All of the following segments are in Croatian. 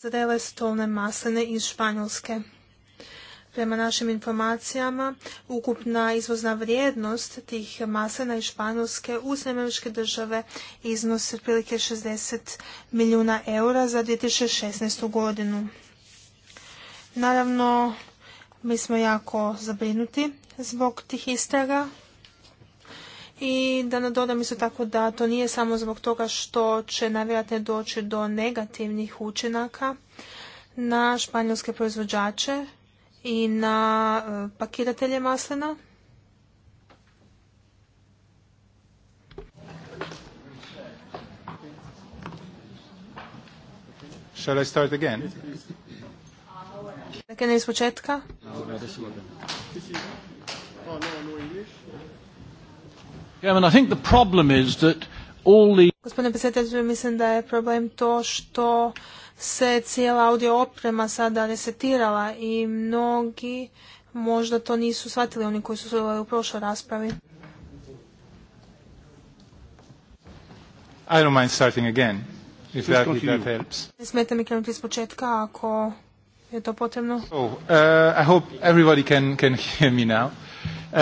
zrele stolne masline iz Španjolske. Prema našim informacijama, ukupna izvozna vrijednost tih maslina iz Španjolske u Sremeničke države iznosi otprilike 60 milijuna eura za 2016. godinu. Naravno, mi smo jako zabrinuti zbog tih istraga i da nadodam isto tako da to nije samo zbog toga što će najvjerojatnije doći do negativnih učinaka na španjolske proizvođače i na e, pakiratelje maslina. Shall I start again? Dakle, ne iz početka. No, no, problem is Gospodine predsjedatelju, mislim da je problem to što se cijela audio oprema sada resetirala i mnogi možda to nisu shvatili oni koji su sudjelovali u prošloj raspravi. I don't mind starting again, if that, if that helps. Ne smete mi krenuti iz početka ako je to potrebno. So, oh, uh, I hope everybody can, can hear me now. Uh,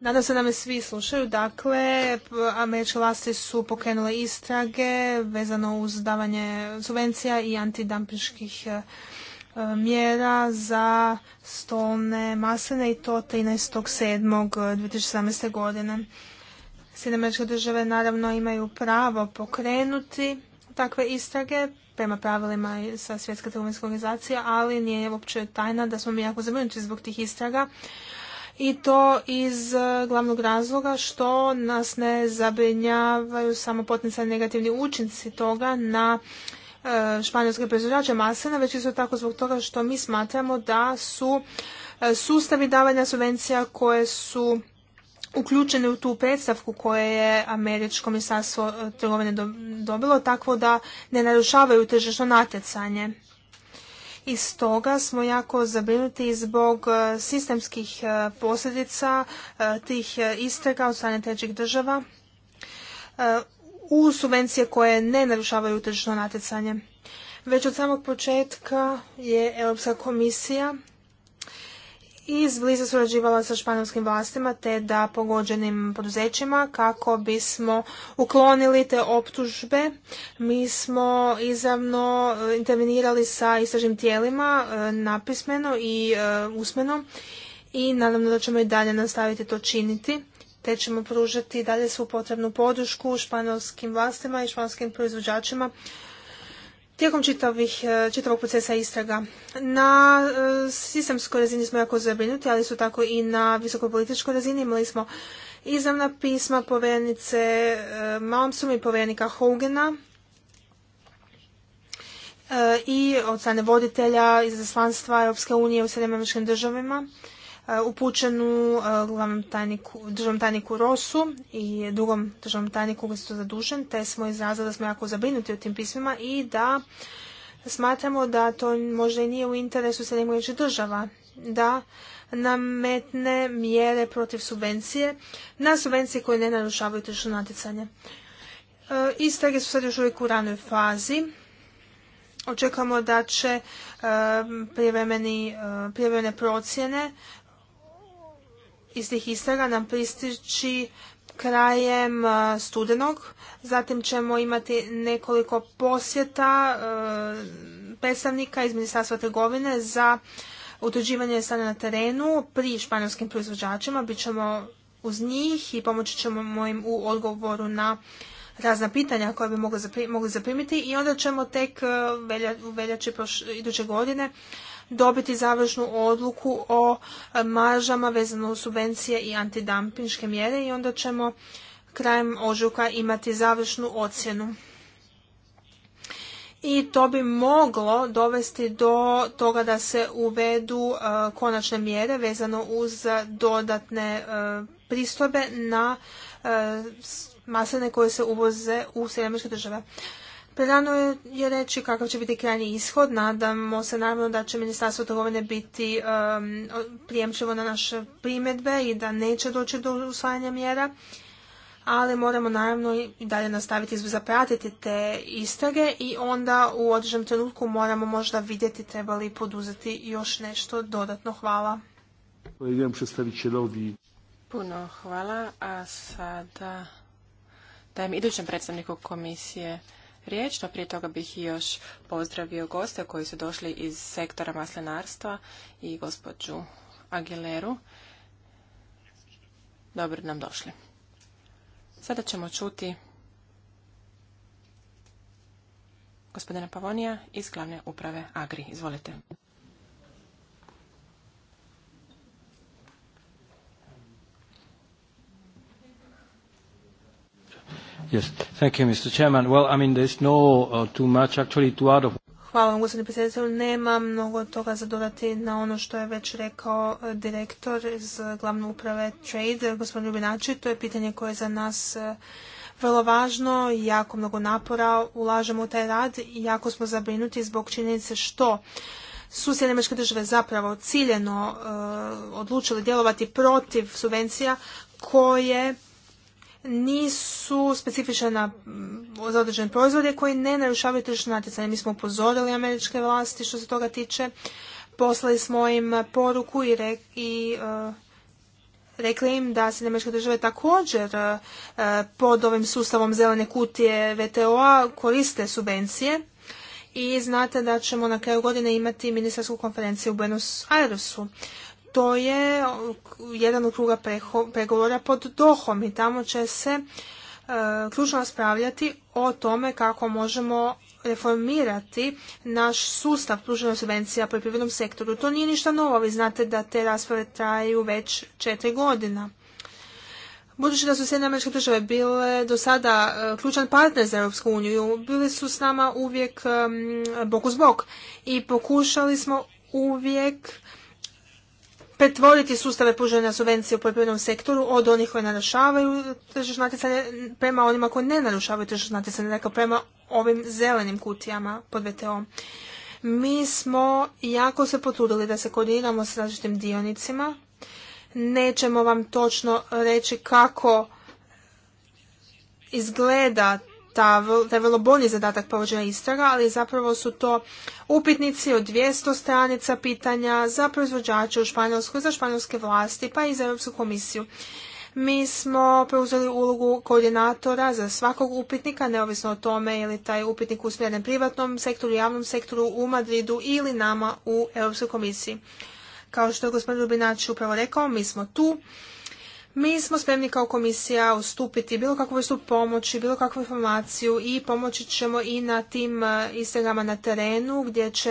Nadam se da me svi slušaju. Dakle, američke vlasti su pokrenule istrage vezano uz davanje subvencija i antidampiških uh, mjera za stolne masline i to 13.7.2017. godine. američke države naravno imaju pravo pokrenuti takve istrage prema pravilima sa svjetske trgovinske organizacije, ali nije uopće tajna da smo mi jako zabrinuti zbog tih istraga. I to iz e, glavnog razloga što nas ne zabrinjavaju samo potencijalni negativni učinci toga na e, španjolske proizvođače masena, već isto tako zbog toga što mi smatramo da su e, sustavi davanja subvencija koje su uključene u tu predstavku koje je Američko ministarstvo e, trgovine dobilo, tako da ne narušavaju tržišno natjecanje. I stoga smo jako zabrinuti zbog e, sistemskih e, posljedica tih istraga od strane trećih država u subvencije koje ne narušavaju tržišno natjecanje. Već od samog početka je Europska komisija izbliza surađivala sa španjolskim vlastima te da pogođenim poduzećima kako bismo uklonili te optužbe. Mi smo izravno e, intervenirali sa istražnim tijelima e, napismeno i e, usmeno i nadamno da ćemo i dalje nastaviti to činiti te ćemo pružati dalje svu potrebnu podršku španjolskim vlastima i španjolskim proizvođačima tijekom e, čitavog procesa istraga. Na e, sistemskoj razini smo jako zabrinuti, ali su tako i na političkoj razini. Imali smo izravna pisma povjerenice e, Malmsum i povjerenika Hogena i od strane voditelja Zaslanstva Europske unije u Sjedinjenim državama Uh, upućenu uh, glavnom tajniku, državnom tajniku Rosu i drugom državnom tajniku koji su to zadužen, te smo izrazili da smo jako zabrinuti o tim pismima i da smatramo da to možda i nije u interesu Sjedinjenih država da nametne mjere protiv subvencije na subvencije koje ne narušavaju tržišno natjecanje. Uh, istrage su sad još uvijek u ranoj fazi. Očekujemo da će prijevremene procjene iz tih istraga nam pristići krajem e, studenog. Zatim ćemo imati nekoliko posjeta e, predstavnika iz Ministarstva trgovine za utvrđivanje stanja na terenu pri španjolskim proizvođačima. Bićemo uz njih i pomoći ćemo im u odgovoru na razna pitanja koje bi mogli zaprimiti i onda ćemo tek e, u veljači iduće godine dobiti završnu odluku o e, maržama vezano u subvencije i antidampinške mjere i onda ćemo krajem ožujka imati završnu ocjenu. I to bi moglo dovesti do toga da se uvedu e, konačne mjere vezano uz dodatne e, pristojbe na masline koje se uvoze u Sjedinjene države. Prerano je reći kakav će biti krajnji ishod. Nadamo se naravno da će Ministarstvo trgovine biti um, prijemčivo na naše primjedbe i da neće doći do usvajanja mjera. Ali moramo naravno i dalje nastaviti zapratiti te istrage i onda u određenom trenutku moramo možda vidjeti treba li poduzeti još nešto dodatno. Hvala. Puno hvala, a sada dajem idućem predstavniku komisije riječ, no prije toga bih još pozdravio goste koji su došli iz sektora maslinarstva i gospođu Aguileru. Dobro nam došli. Sada ćemo čuti gospodina Pavonija iz glavne uprave Agri. Izvolite. Yes. Thank Hvala vam, gospodine predsjedatelju. Nema mnogo toga za dodati na ono što je već rekao e, direktor iz glavne uprave Trade, gospodin Ljubinači. To je pitanje koje je za nas e, vrlo važno, jako mnogo napora ulažemo u taj rad i jako smo zabrinuti zbog činjenice što su države zapravo ciljeno e, odlučili odlučile djelovati protiv subvencija koje nisu specifične na, mm, za određene proizvode koji ne narušavaju tržišno natjecanje. Mi smo upozorili američke vlasti što se toga tiče. Poslali smo im poruku i, e, rekli im da se američke države također e, e, pod ovim sustavom zelene kutije VTO-a koriste subvencije i znate da ćemo na kraju godine imati ministarsku konferenciju u Buenos Airesu to je jedan od kruga pregovora pod Dohom i tamo će se e, ključno raspravljati o tome kako možemo reformirati naš sustav pružanja subvencija poljoprivrednom sektoru. To nije ništa novo, vi znate da te rasprave traju već četiri godina. Budući da su Sjedinjene američke države bile do sada e, ključan partner za Europsku uniju, bili su s nama uvijek bok uz bok i pokušali smo uvijek pretvoriti sustave pružanja subvencije u poljoprivrednom sektoru od onih koji narušavaju tržišno natjecanje prema onima koji ne narušavaju tržišno natjecanje, dakle prema ovim zelenim kutijama pod VTO. Mi smo jako se potrudili da se koordiniramo s različitim dionicima. Nećemo vam točno reći kako izgleda da je vrlo bolji zadatak povođenja istraga, ali zapravo su to upitnici od 200 stranica pitanja za proizvođače u Španjolskoj, za španjolske vlasti, pa i za Europsku komisiju. Mi smo preuzeli ulogu koordinatora za svakog upitnika, neovisno o tome je li taj upitnik usmjeren privatnom sektoru, javnom sektoru u Madridu ili nama u Europskoj komisiji. Kao što je gospodin Rubinač upravo rekao, mi smo tu mi smo spremni kao komisija ustupiti bilo kakvu vrstu pomoći, bilo kakvu informaciju i pomoći ćemo i na tim e, istragama na terenu gdje će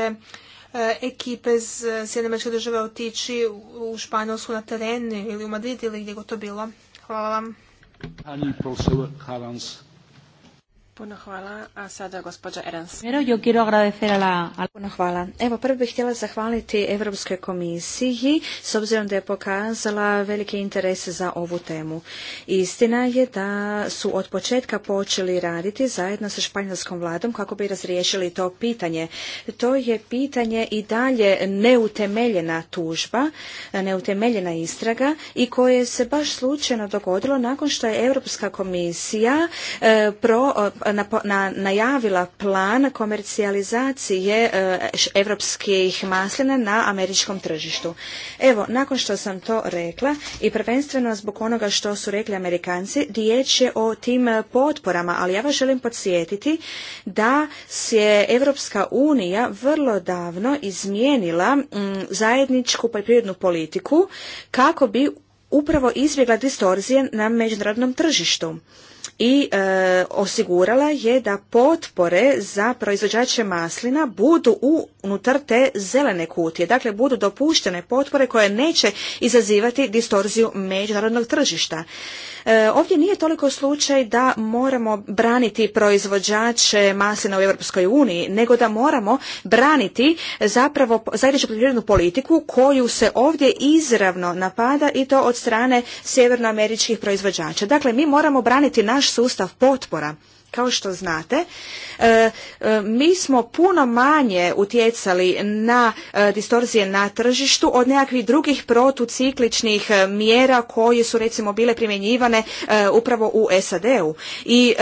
e, ekipe iz Sjedinamečke države otići u Španjolsku na teren ili u Madrid ili gdje god to bilo. Hvala vam. Puno hvala. A sada gospođa Puno hvala. Evo, prvo bih htjela zahvaliti Europskoj komisiji s obzirom da je pokazala velike interese za ovu temu. Istina je da su od početka počeli raditi zajedno sa španjolskom vladom kako bi razriješili to pitanje. To je pitanje i dalje neutemeljena tužba, neutemeljena istraga i koje se baš slučajno dogodilo nakon što je Europska komisija eh, pro najavila plan komercijalizacije e, evropskih maslina na američkom tržištu. Evo, nakon što sam to rekla i prvenstveno zbog onoga što su rekli Amerikanci, riječ je o tim potporama, ali ja vas želim podsjetiti da se Evropska unija vrlo davno izmijenila zajedničku poljoprivrednu politiku kako bi upravo izbjegla distorzije na međunarodnom tržištu i e, osigurala je da potpore za proizvođače maslina budu unutar te zelene kutije. Dakle, budu dopuštene potpore koje neće izazivati distorziju međunarodnog tržišta. E, ovdje nije toliko slučaj da moramo braniti proizvođače maslina u Europskoj uniji, nego da moramo braniti zapravo zajedničku poljoprivrednu politiku koju se ovdje izravno napada i to od strane sjevernoameričkih proizvođača. Dakle, mi moramo braniti naš sustav potpora kao što znate, e, e, mi smo puno manje utjecali na e, distorzije na tržištu od nekakvih drugih protucikličnih mjera koje su recimo bile primjenjivane upravo u SAD-u. I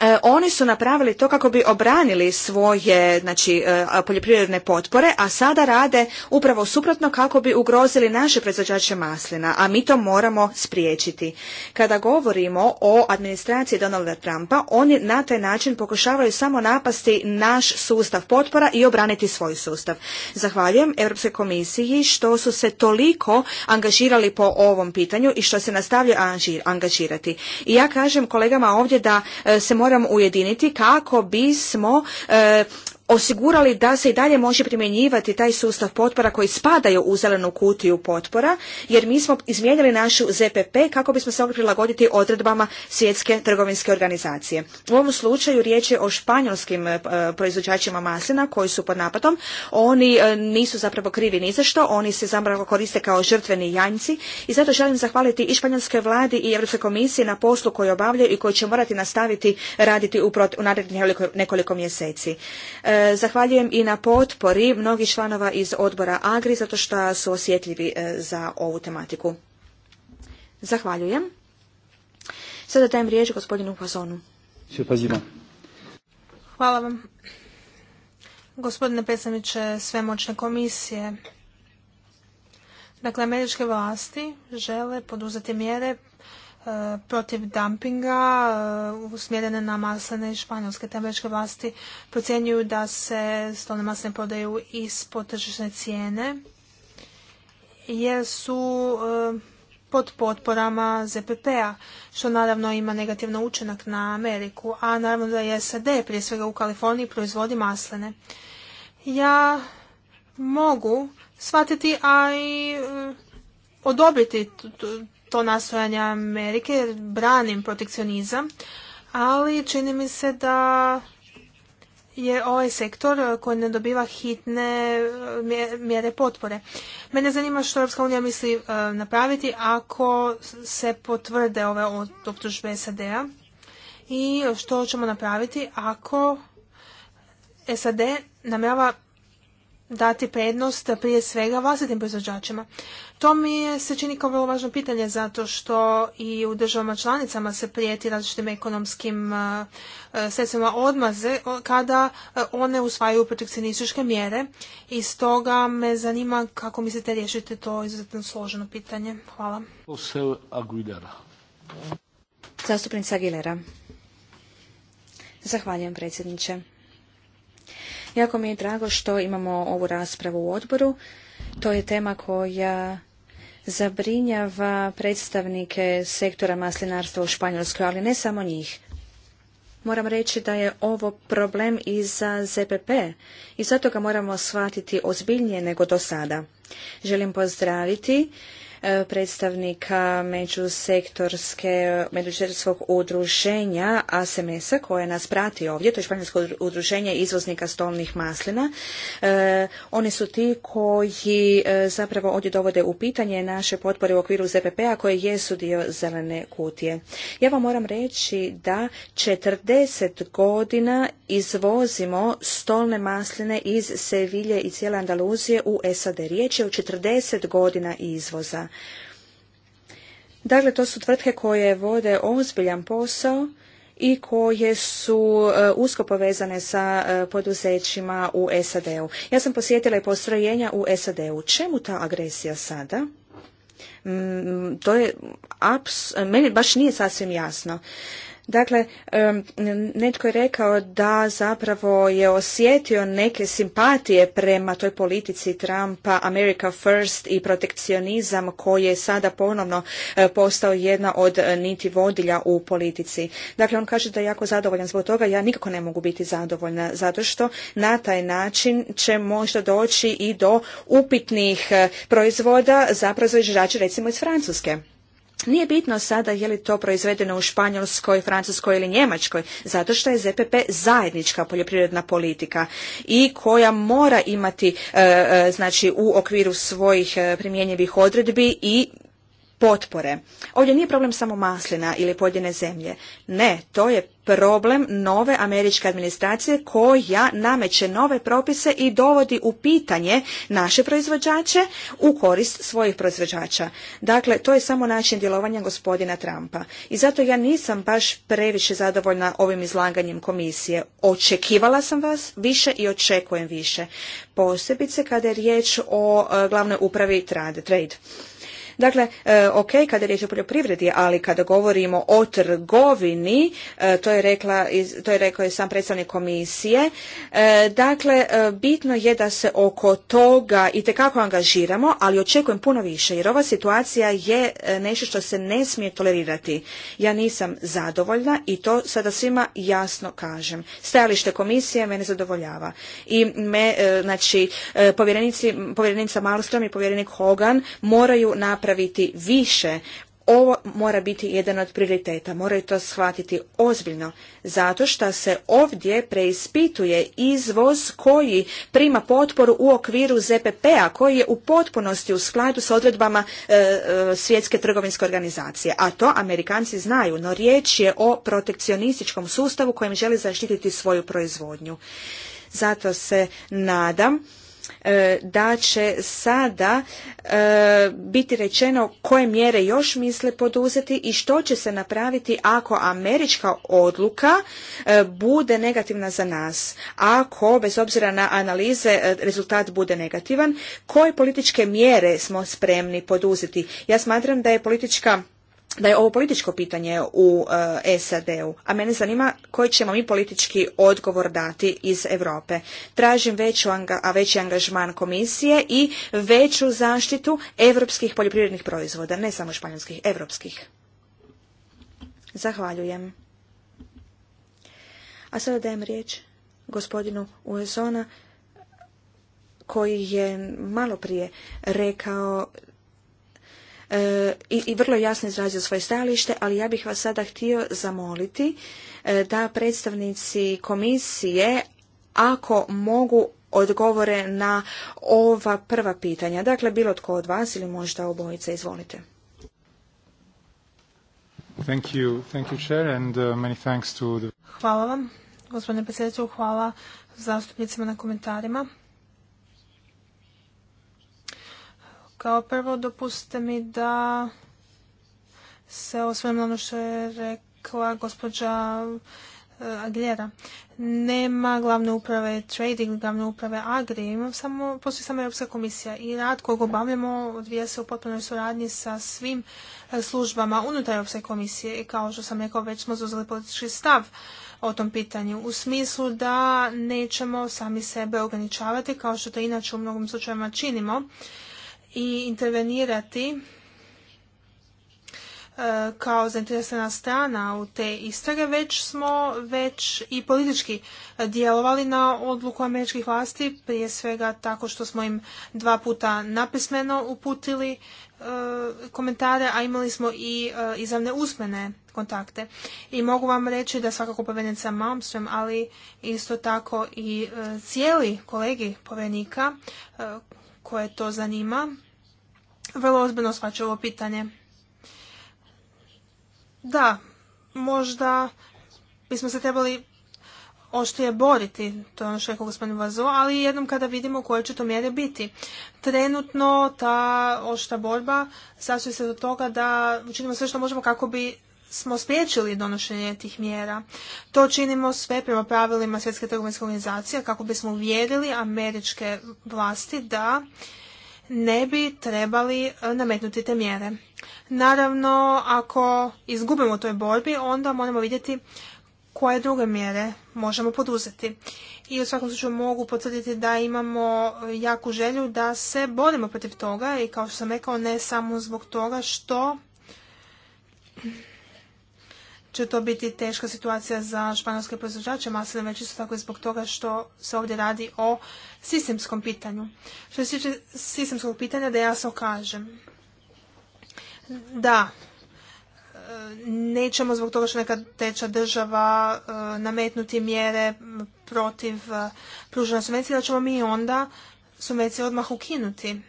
E, oni su napravili to kako bi obranili svoje znači, e, poljoprivredne potpore, a sada rade upravo suprotno kako bi ugrozili naše proizvođače maslina, a mi to moramo spriječiti. Kada govorimo o administraciji Donalda Trumpa, oni na taj način pokušavaju samo napasti naš sustav potpora i obraniti svoj sustav. Zahvaljujem Europskoj komisiji što su se toliko angažirali po ovom pitanju i što se nastavlja angažirati. I ja kažem kolegama ovdje da e, se moramo ujediniti kako bismo e, osigurali da se i dalje može primjenjivati taj sustav potpora koji spadaju u zelenu kutiju potpora, jer mi smo izmijenili našu ZPP kako bismo se mogli prilagoditi odredbama svjetske trgovinske organizacije. U ovom slučaju riječ je o španjolskim e, proizvođačima maslina koji su pod napadom. Oni e, nisu zapravo krivi ni za što, oni se zapravo koriste kao žrtveni janjci i zato želim zahvaliti i španjolske vladi i Europskoj komisiji na poslu koji obavljaju i koji će morati nastaviti raditi u, narednih nekoliko mjeseci. E, E, zahvaljujem i na potpori mnogih članova iz odbora Agri zato što su osjetljivi e, za ovu tematiku. Zahvaljujem. Sada dajem riječ gospodinu Fazonu. Hvala vam. Gospodine predsjedniče svemoćne komisije, dakle američke vlasti žele poduzeti mjere E, protiv dumpinga e, usmjerene na maslene i španjolske temeljske vlasti procjenjuju da se stolne masline prodaju ispod tržišne cijene jer su e, pod potporama ZPP-a, što naravno ima negativno učinak na Ameriku, a naravno da je SAD prije svega u Kaliforniji proizvodi maslene. Ja mogu shvatiti, a i odobriti to nastojanje Amerike jer branim protekcionizam, ali čini mi se da je ovaj sektor koji ne dobiva hitne eh, mjere potpore. Mene zanima što Europska unija misli eh, napraviti ako se potvrde ove optužbe SAD-a i što ćemo napraviti ako SAD namjava dati prednost prije svega vlastitim proizvođačima. To mi se čini kao vrlo važno pitanje zato što i u državama članicama se prijeti različitim ekonomskim e, e, sredstvima odmaze kada e, one usvajaju protekcionističke mjere i stoga me zanima kako mislite riješiti to izuzetno složeno pitanje. Hvala. Zastupnica Aguilera. Zahvaljujem predsjedniče. Jako mi je drago što imamo ovu raspravu u odboru. To je tema koja zabrinjava predstavnike sektora maslinarstva u Španjolskoj, ali ne samo njih. Moram reći da je ovo problem i za ZPP i zato ga moramo shvatiti ozbiljnije nego do sada. Želim pozdraviti E, predstavnika međusektorske, međusektorskog udruženja ASMS-a koje nas prati ovdje, to je Španjolsko udruženje izvoznika stolnih maslina. E, oni su ti koji e, zapravo ovdje dovode u pitanje naše potpore u okviru ZPP-a koje jesu dio zelene kutije. Ja vam moram reći da 40 godina izvozimo stolne masline iz Sevilje i cijele Andaluzije u SAD. Riječ je o 40 godina izvoza. Dakle, to su tvrtke koje vode ozbiljan posao i koje su e, usko povezane sa e, poduzećima u SAD-u. Ja sam posjetila i postrojenja u SAD-u. Čemu ta agresija sada? Mm, to je, aps, meni baš nije sasvim jasno. Dakle, netko je rekao da zapravo je osjetio neke simpatije prema toj politici Trumpa, America First i protekcionizam koji je sada ponovno e, postao jedna od e, niti vodilja u politici. Dakle, on kaže da je jako zadovoljan zbog toga, ja nikako ne mogu biti zadovoljna, zato što na taj način će možda doći i do upitnih e, proizvoda za proizvođače recimo iz Francuske. Nije bitno sada je li to proizvedeno u Španjolskoj, Francuskoj ili Njemačkoj, zato što je ZPP zajednička poljoprivredna politika i koja mora imati e, e, znači u okviru svojih e, primjenjivih odredbi i potpore. Ovdje nije problem samo maslina ili podjene zemlje. Ne, to je problem nove američke administracije koja nameće nove propise i dovodi u pitanje naše proizvođače u korist svojih proizvođača. Dakle, to je samo način djelovanja gospodina Trumpa. I zato ja nisam baš previše zadovoljna ovim izlaganjem komisije. Očekivala sam vas više i očekujem više. Posebice kada je riječ o e, glavnoj upravi Trade. Dakle, e, ok, kada je riječ o poljoprivredi, ali kada govorimo o trgovini, e, to je, rekla, to je rekao i sam predstavnik komisije, e, dakle, bitno je da se oko toga i tekako angažiramo, ali očekujem puno više, jer ova situacija je nešto što se ne smije tolerirati. Ja nisam zadovoljna i to sada svima jasno kažem. Stajalište komisije mene zadovoljava. I me, znači, povjerenica Malstrom i povjerenik Hogan moraju napraviti napraviti više. Ovo mora biti jedan od prioriteta, moraju to shvatiti ozbiljno, zato što se ovdje preispituje izvoz koji prima potporu u okviru ZPP-a, koji je u potpunosti u skladu s odredbama e, e, svjetske trgovinske organizacije. A to Amerikanci znaju, no riječ je o protekcionističkom sustavu kojem želi zaštititi svoju proizvodnju. Zato se nadam E, da će sada e, biti rečeno koje mjere još misle poduzeti i što će se napraviti ako američka odluka e, bude negativna za nas. Ako, bez obzira na analize, rezultat bude negativan, koje političke mjere smo spremni poduzeti? Ja smatram da je politička da je ovo političko pitanje u e, SAD-u, a mene zanima koji ćemo mi politički odgovor dati iz Europe. Tražim veću anga, a veći angažman komisije i veću zaštitu europskih poljoprivrednih proizvoda, ne samo španjolskih, europskih. Zahvaljujem. A sada dajem riječ gospodinu Uezona koji je malo prije rekao E, i vrlo jasno izrazio svoje stajalište, ali ja bih vas sada htio zamoliti e, da predstavnici komisije, ako mogu, odgovore na ova prva pitanja. Dakle, bilo tko od vas ili možda obojica, izvolite. Thank uh, Hvala vam, gospodine predsjedniče hvala zastupnicima na komentarima. Kao prvo dopustite mi da se osvrnem na ono što je rekla gospođa eh, Agljera. Nema glavne uprave trading, glavne uprave agri, imamo samo, postoji samo Europska komisija i rad kojeg obavljamo odvija se u potpunoj suradnji sa svim eh, službama unutar Europske komisije i kao što sam rekao već smo zauzeli politički stav o tom pitanju u smislu da nećemo sami sebe ograničavati kao što to inače u mnogim slučajevima činimo i intervenirati e, kao zainteresirana strana u te istrage, već smo već i politički djelovali na odluku američkih vlasti, prije svega tako što smo im dva puta napismeno uputili e, komentare, a imali smo i e, izravne usmene kontakte. I mogu vam reći da svakako sa Malmström, ali isto tako i cijeli kolegi povjerenika koje to zanima, vrlo ozbiljno shvaća ovo pitanje. Da, možda bismo se trebali oštije boriti, to je ono što je rekao gospodin Vazo, ali jednom kada vidimo koje će to mjere biti. Trenutno ta ošta borba sastoji se do toga da učinimo sve što možemo kako bi smo spriječili donošenje tih mjera. To činimo sve prema pravilima Svjetske trgovinske organizacije kako bismo uvjerili američke vlasti da ne bi trebali e, nametnuti te mjere. Naravno, ako izgubimo u toj borbi, onda moramo vidjeti koje druge mjere možemo poduzeti. I u svakom slučaju mogu potvrditi da imamo jaku želju da se borimo protiv toga i kao što sam rekao ne samo zbog toga što će to biti teška situacija za španjolske proizvođače maslina, već isto tako i zbog toga što se ovdje radi o sistemskom pitanju. Što se tiče sistemskog pitanja, da jasno kažem da e, nećemo zbog toga što neka teča država e, nametnuti mjere protiv e, pružanja subvencija, da ćemo mi onda subvencije odmah ukinuti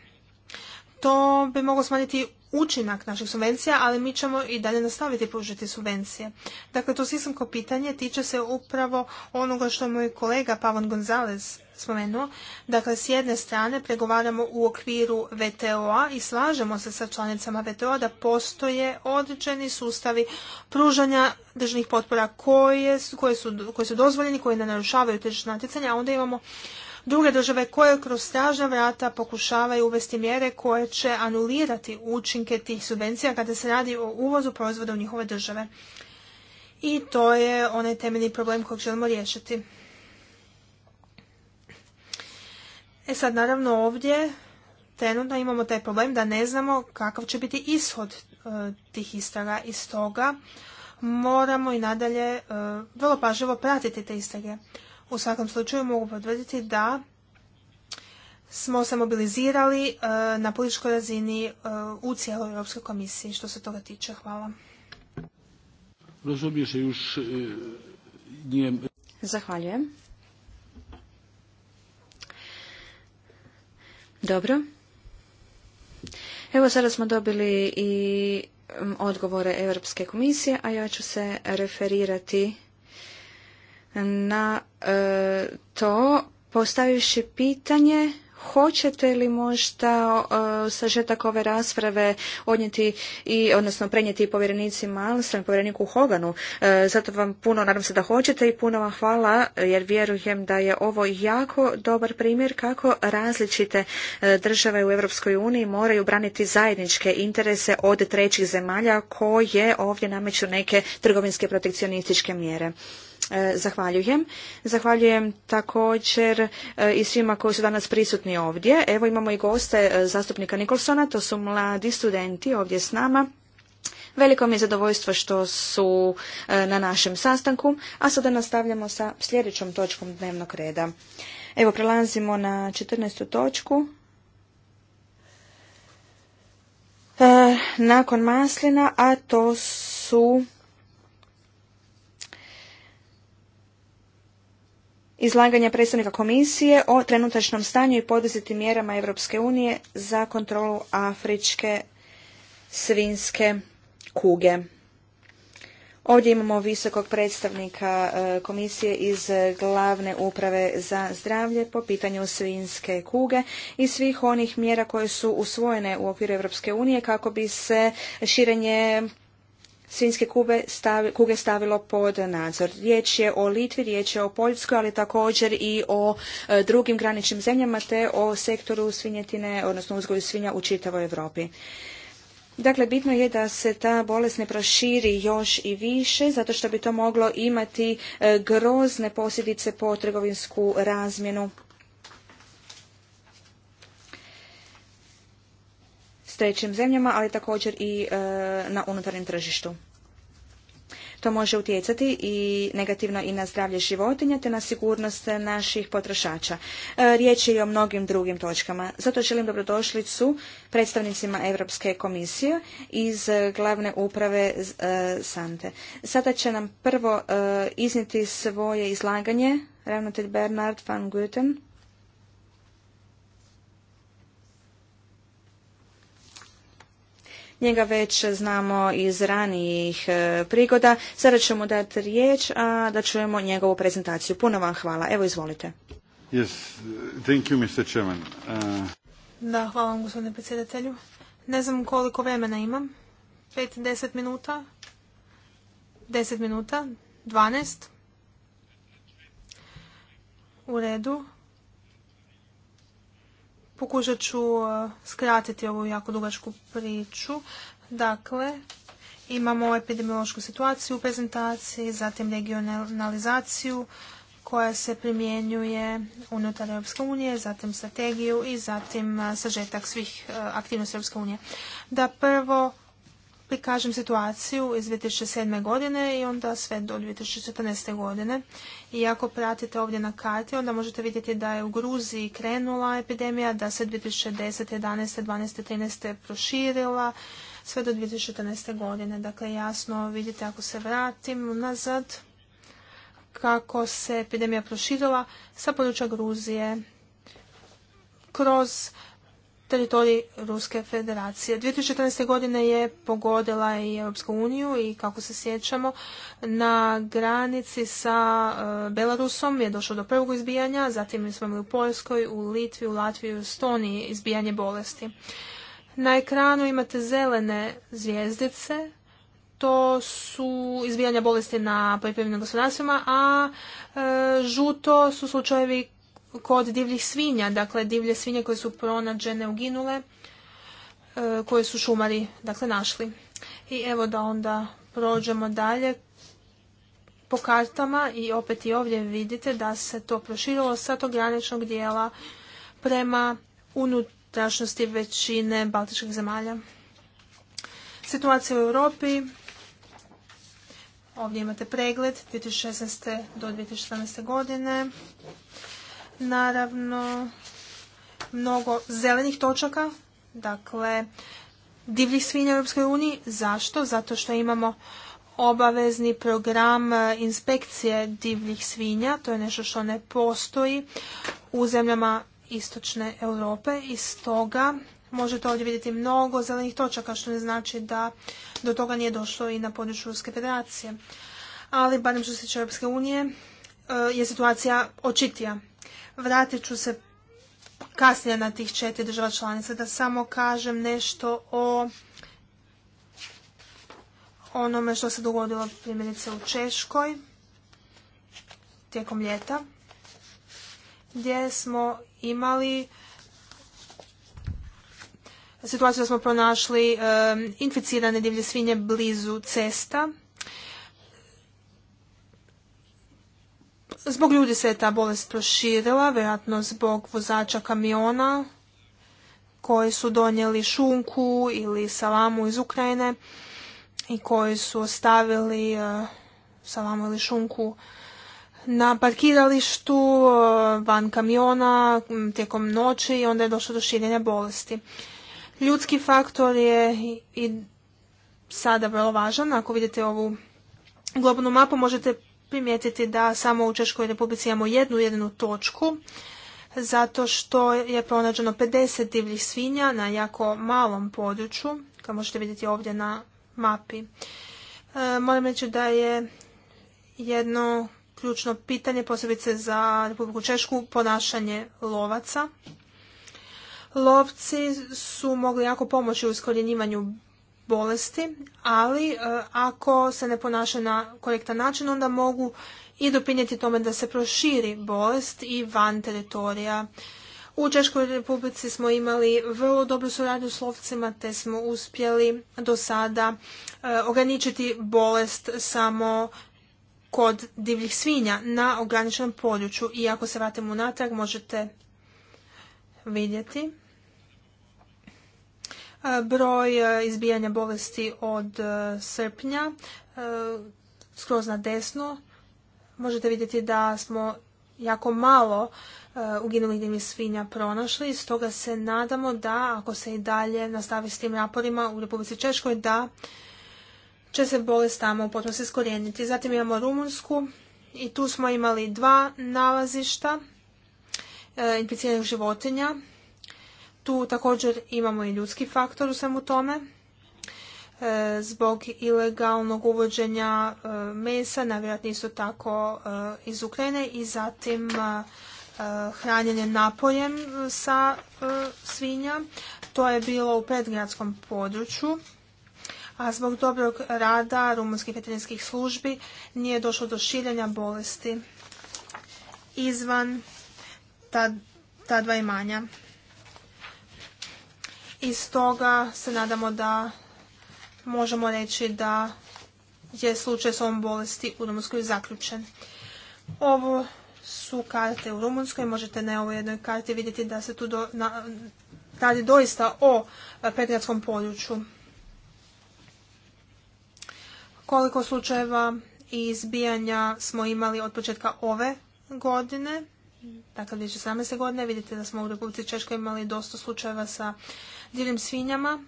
to bi moglo smanjiti učinak naših subvencija, ali mi ćemo i dalje nastaviti pružiti subvencije. Dakle, to sistemsko pitanje tiče se upravo onoga što je moj kolega Pavon Gonzalez spomenuo. Dakle, s jedne strane pregovaramo u okviru VTO-a i slažemo se sa članicama VTO-a da postoje određeni sustavi pružanja državnih potpora koje su, koje dozvoljeni, koji ne narušavaju tržišno natjecanje, a onda imamo druge države koje kroz stražna vrata pokušavaju uvesti mjere koje će anulirati učinke tih subvencija kada se radi o uvozu proizvoda u njihove države. I to je onaj temeljni problem kojeg želimo riješiti. E sad, naravno, ovdje trenutno imamo taj problem da ne znamo kakav će biti ishod e, tih istraga. I stoga moramo i nadalje e, vrlo pažljivo pratiti te istrage. U svakom slučaju mogu potvrditi da smo se mobilizirali e, na političkoj razini e, u cijeloj Europskoj komisiji što se toga tiče. Hvala. E, Zahvaljujem. Dobro. Evo sada smo dobili i odgovore Europske komisije, a ja ću se referirati na e, to postavivši pitanje hoćete li možda e, sažetak ove rasprave odnijeti i odnosno prenijeti povjerenici Malmström, povjereniku Hoganu. E, zato vam puno nadam se da hoćete i puno vam hvala jer vjerujem da je ovo jako dobar primjer kako različite e, države u Europskoj uniji moraju braniti zajedničke interese od trećih zemalja koje ovdje nameću neke trgovinske protekcionističke mjere. E, zahvaljujem. Zahvaljujem također e, i svima koji su danas prisutni ovdje. Evo imamo i goste e, zastupnika Nikolsona, to su mladi studenti ovdje s nama. Veliko mi je zadovoljstvo što su na našem sastanku, a sada nastavljamo sa sljedećom točkom dnevnog reda. Evo prelazimo na 14. točku. nakon maslina, a to su izlaganja predstavnika komisije o trenutačnom stanju i poduzetim mjerama Europske unije za kontrolu afričke svinske kuge. Ovdje imamo visokog predstavnika e, komisije iz glavne uprave za zdravlje po pitanju svinske kuge i svih onih mjera koje su usvojene u okviru Europske unije kako bi se širenje svinjske kube kuge stavilo pod nadzor. Riječ je o Litvi, riječ je o Poljskoj, ali također i o e, drugim graničnim zemljama te o sektoru svinjetine, odnosno uzgoju svinja u čitavoj Europi. Dakle, bitno je da se ta bolest ne proširi još i više, zato što bi to moglo imati e, grozne posljedice po trgovinsku razmjenu trećim zemljama, ali također i e, na unutarnjem tržištu. To može utjecati i negativno i na zdravlje životinja te na sigurnost naših potrošača. E, riječ je i o mnogim drugim točkama. Zato želim dobrodošlicu predstavnicima Europske komisije iz glavne uprave e, Sante. Sada će nam prvo iznijeti svoje izlaganje ravnatelj Bernard van Guten Njega već znamo iz ranijih e, prigoda. Sada ćemo dati riječ, a da čujemo njegovu prezentaciju. Puno vam hvala. Evo izvolite. Yes, uh, Da, hvala vam gospodine predsjedatelju. Ne znam koliko vremena imam. 5-10 minuta? Deset minuta? 12? U redu. Pokušat ću e, skratiti ovu jako dugačku priču. Dakle, imamo epidemiološku situaciju u prezentaciji, zatim regionalizaciju koja se primjenjuje unutar Europske unije, zatim strategiju i zatim e, sažetak svih e, aktivnosti Europske unije. Da prvo prikažem situaciju iz 2007. godine i onda sve do 2014. godine. I ako pratite ovdje na karti, onda možete vidjeti da je u Gruziji krenula epidemija, da se 2010. 11. 12. 13. proširila sve do 2014. godine. Dakle, jasno vidite ako se vratim nazad kako se epidemija proširila sa područja Gruzije kroz teritorij Ruske federacije. 2014. godine je pogodila i Europsku uniju i kako se sjećamo na granici sa e, Belarusom je došlo do prvog izbijanja, zatim smo imali u Poljskoj, u Litvi, u Latviji, u Estoniji izbijanje bolesti. Na ekranu imate zelene zvijezdice, to su izbijanja bolesti na poljoprivrednim gospodarstvima, a e, žuto su slučajevi kod divljih svinja, dakle divlje svinje koje su pronađene, uginule, e, koje su šumari dakle našli. I evo da onda prođemo dalje po kartama i opet i ovdje vidite da se to proširilo sa tog graničnog dijela prema unutrašnjosti većine baltičkih zemalja. Situacija u Europi. Ovdje imate pregled 2016. do 2017. godine naravno mnogo zelenih točaka, dakle divljih svinja u Europskoj uniji. Zašto? Zato što imamo obavezni program e, inspekcije divljih svinja. To je nešto što ne postoji u zemljama istočne Europe i stoga možete ovdje vidjeti mnogo zelenih točaka što ne znači da do toga nije došlo i na području Ruske federacije. Ali, barem što se tiče Europske unije, e, je situacija očitija. Vratit ću se kasnije na tih četiri država članica da samo kažem nešto o onome što se dogodilo primjerice u Češkoj tijekom ljeta gdje smo imali situaciju da smo pronašli inficirane divlje svinje blizu cesta Zbog ljudi se je ta bolest proširila, vjerojatno zbog vozača kamiona koji su donijeli šunku ili salamu iz Ukrajine i koji su ostavili eh, salamu ili šunku na parkiralištu eh, van kamiona tijekom noći i onda je došlo do širenja bolesti. Ljudski faktor je i sada vrlo važan. Ako vidite ovu globalnu mapu možete primijetiti da samo u Češkoj republici imamo jednu jedinu točku zato što je pronađeno 50 divljih svinja na jako malom području, kao možete vidjeti ovdje na mapi. E, moram reći da je jedno ključno pitanje, posebice za Republiku Češku, ponašanje lovaca. Lovci su mogli jako pomoći u iskorjenjivanju bolesti, ali e, ako se ne ponaša na korektan način, onda mogu i doprinijeti tome da se proširi bolest i van teritorija. U Češkoj republici smo imali vrlo dobru suradnju s lovcima, te smo uspjeli do sada e, ograničiti bolest samo kod divljih svinja na ograničenom području. I ako se vratimo unatrag možete vidjeti broj izbijanja bolesti od srpnja skroz na desno. Možete vidjeti da smo jako malo uginulih divnih svinja pronašli, stoga se nadamo da ako se i dalje nastavi s tim naporima u Republici Češkoj, da će se bolest tamo u potpunosti iskorijeniti. Zatim imamo Rumunsku i tu smo imali dva nalazišta e, inficiranih životinja tu također imamo i ljudski faktor u svemu tome. E, zbog ilegalnog uvođenja e, mesa, navjerojatno isto tako e, iz Ukrajine i zatim hranjenje napojem sa svinja. To je bilo u predgradskom području, a zbog dobrog rada rumunskih veterinskih službi nije došlo do širenja bolesti izvan ta dva imanja i toga se nadamo da možemo reći da je slučaj s ovom bolesti u Rumunskoj zaključen. Ovo su karte u Rumunskoj, možete na ovoj jednoj karti vidjeti da se tu radi doista o Petradskom području. Koliko slučajeva i izbijanja smo imali od početka ove godine dakle 2017. godine, vidite da smo u Republici Češkoj imali dosta slučajeva sa divljim svinjama.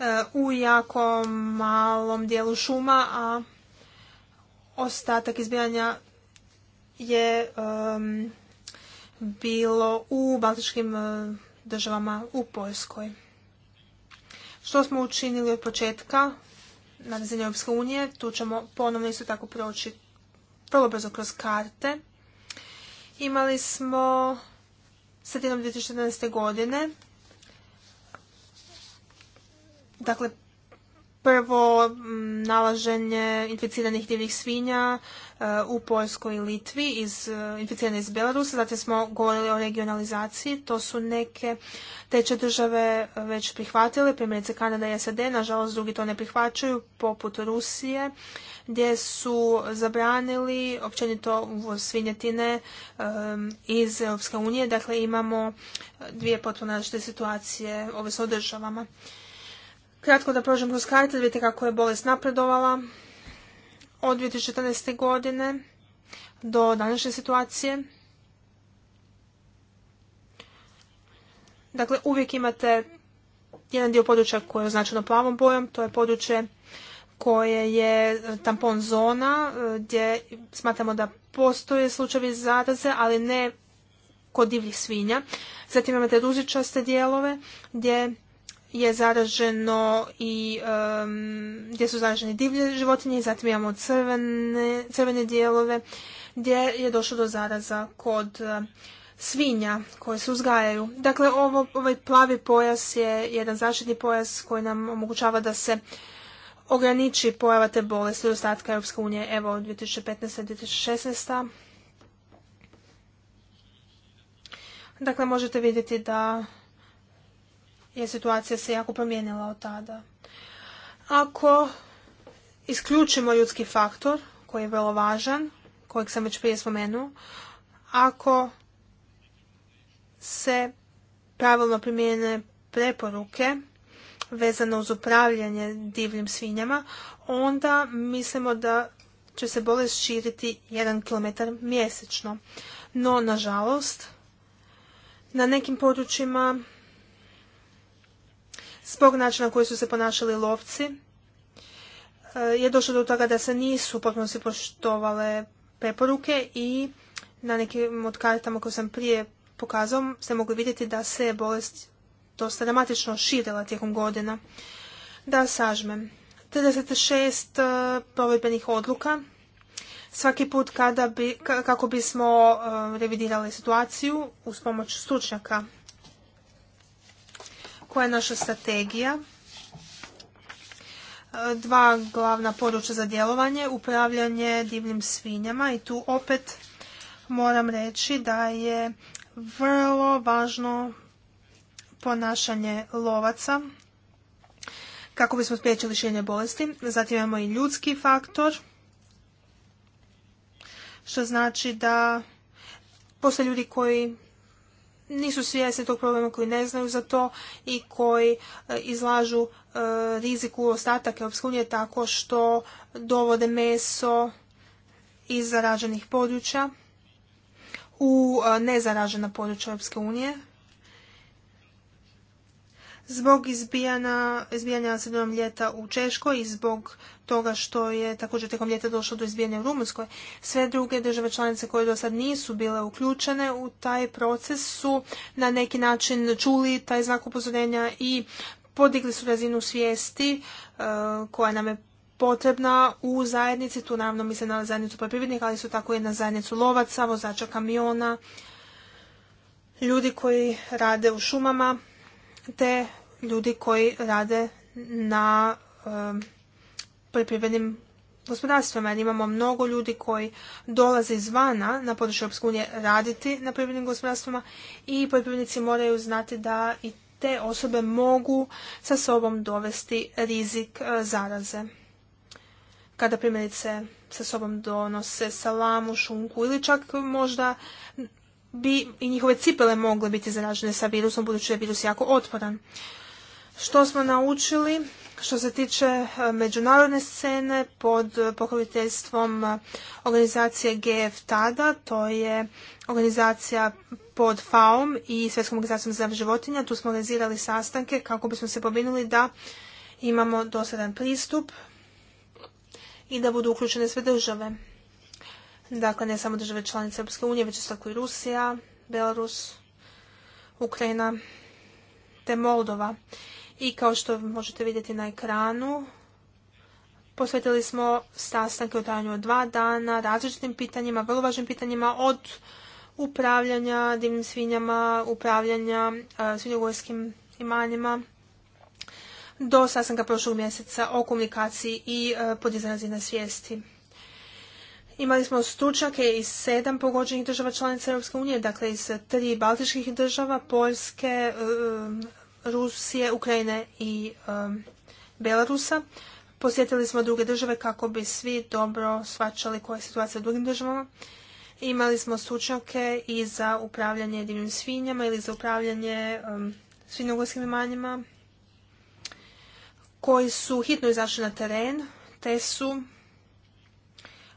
E, u jako malom dijelu šuma, a ostatak izbijanja je bilo u baltičkim e, državama u Poljskoj. Što smo učinili od početka na razini Europske unije. Tu ćemo ponovno isto tako proći vrlo brzo kroz karte. Imali smo sredinom 2014. godine dakle Prvo, mm, nalaženje inficiranih divljih svinja eh, u Poljskoj i Litvi, iz, eh, inficirane iz Belarusa. Zatim smo govorili o regionalizaciji. To su neke teče države eh, već prihvatile, primjerice Kanada i SAD. Nažalost, drugi to ne prihvaćaju, poput Rusije, gdje su zabranili općenito svinjetine iz Europske unije. Dakle, imamo dvije potpuno različite situacije, ove o državama. Kratko da prođem kroz karte, vidite kako je bolest napredovala od 2014. godine do današnje situacije. Dakle, uvijek imate jedan dio područja koje je označeno plavom bojom, to je područje koje je e, tampon zona e, gdje smatramo da postoje slučajevi zaraze, ali ne kod divljih svinja. Zatim imate ruzičaste dijelove gdje je zaraženo i gdje su zaražene divlje životinje i zatim imamo crvene, crvene dijelove gdje je došlo do zaraza kod e, svinja koje se uzgajaju. Dakle, ovo, ovaj plavi pojas je jedan zaštitni pojas koji nam omogućava da se ograniči pojava te bolesti od ostatka Europske unije. Evo, 2015. 2016. Dakle, možete vidjeti da je situacija se jako promijenila od tada. Ako isključimo ljudski faktor, koji je vrlo važan, kojeg sam već prije spomenuo, ako se pravilno primijene preporuke vezano uz upravljanje divljim svinjama, onda mislimo da će se bolest širiti 1 km mjesečno. No, nažalost, na nekim područjima zbog načina koji su se ponašali lovci e, je došlo do toga da se nisu potpuno se poštovale preporuke i na nekim od kartama koje sam prije pokazao se mogli vidjeti da se bolest dosta dramatično širila tijekom godina. Da sažmem. 36 e, provedbenih odluka svaki put kada kako bismo e, revidirali situaciju uz pomoć stručnjaka koja je naša strategija, dva glavna područja za djelovanje, upravljanje divljim svinjama i tu opet moram reći da je vrlo važno ponašanje lovaca kako bismo spriječili širenje bolesti. Zatim imamo i ljudski faktor, što znači da postoje ljudi koji nisu svjesni tog problema, koji ne znaju za to i koji e, izlažu e, riziku ostatak Europske tako što dovode meso iz zaraženih područja u e, nezaražena područja Europske unije zbog izbijana, izbijanja sredinom ljeta u Češkoj i zbog toga što je također tijekom ljeta došlo do izbijanja u Rumunskoj. Sve druge države članice koje do sad nisu bile uključene u taj proces su na neki način čuli taj znak upozorenja i podigli su razinu svijesti e, koja nam je potrebna u zajednici, tu naravno mi se na zajednicu poljoprivrednika, ali su tako i na zajednicu lovaca, vozača kamiona, ljudi koji rade u šumama, te ljudi koji rade na poljoprivrednim gospodarstvima, jer imamo mnogo ljudi koji dolaze izvana na području Europske unije raditi na poljoprivrednim gospodarstvima i poljoprivrednici moraju znati da i te osobe mogu sa sobom dovesti rizik e, zaraze. Kada primjerice sa sobom donose salamu, šunku ili čak možda bi i njihove cipele mogle biti zaražene sa virusom, budući da je virus jako otporan. Što smo naučili što se tiče e, međunarodne scene pod pokroviteljstvom e, organizacije GF tada, to je organizacija pod FAOM i Svjetskom organizacijom za životinja, tu smo organizirali sastanke kako bismo se pobrinuli da imamo dosadan pristup i da budu uključene sve države. Dakle, ne samo države članice Europske unije, već isto tako i Rusija, Belarus, Ukrajina te Moldova. I kao što možete vidjeti na ekranu, posvetili smo sastanke u trajanju od dva dana različitim pitanjima, vrlo važnim pitanjima od upravljanja divnim svinjama, upravljanja svinjogorskim e, svinjogojskim imanjima do sastanka prošlog mjeseca o komunikaciji i e, podizrazi na svijesti. Imali smo stručnjake iz sedam pogođenih država članica EU, dakle iz tri baltičkih država, Poljske, e, Rusije, Ukrajine i um, Belarusa. Posjetili smo druge države kako bi svi dobro svačali koja je situacija u drugim državama. Imali smo stručnjake i za upravljanje divnim svinjama ili za upravljanje um, svinjogorskim imanjima koji su hitno izašli na teren te su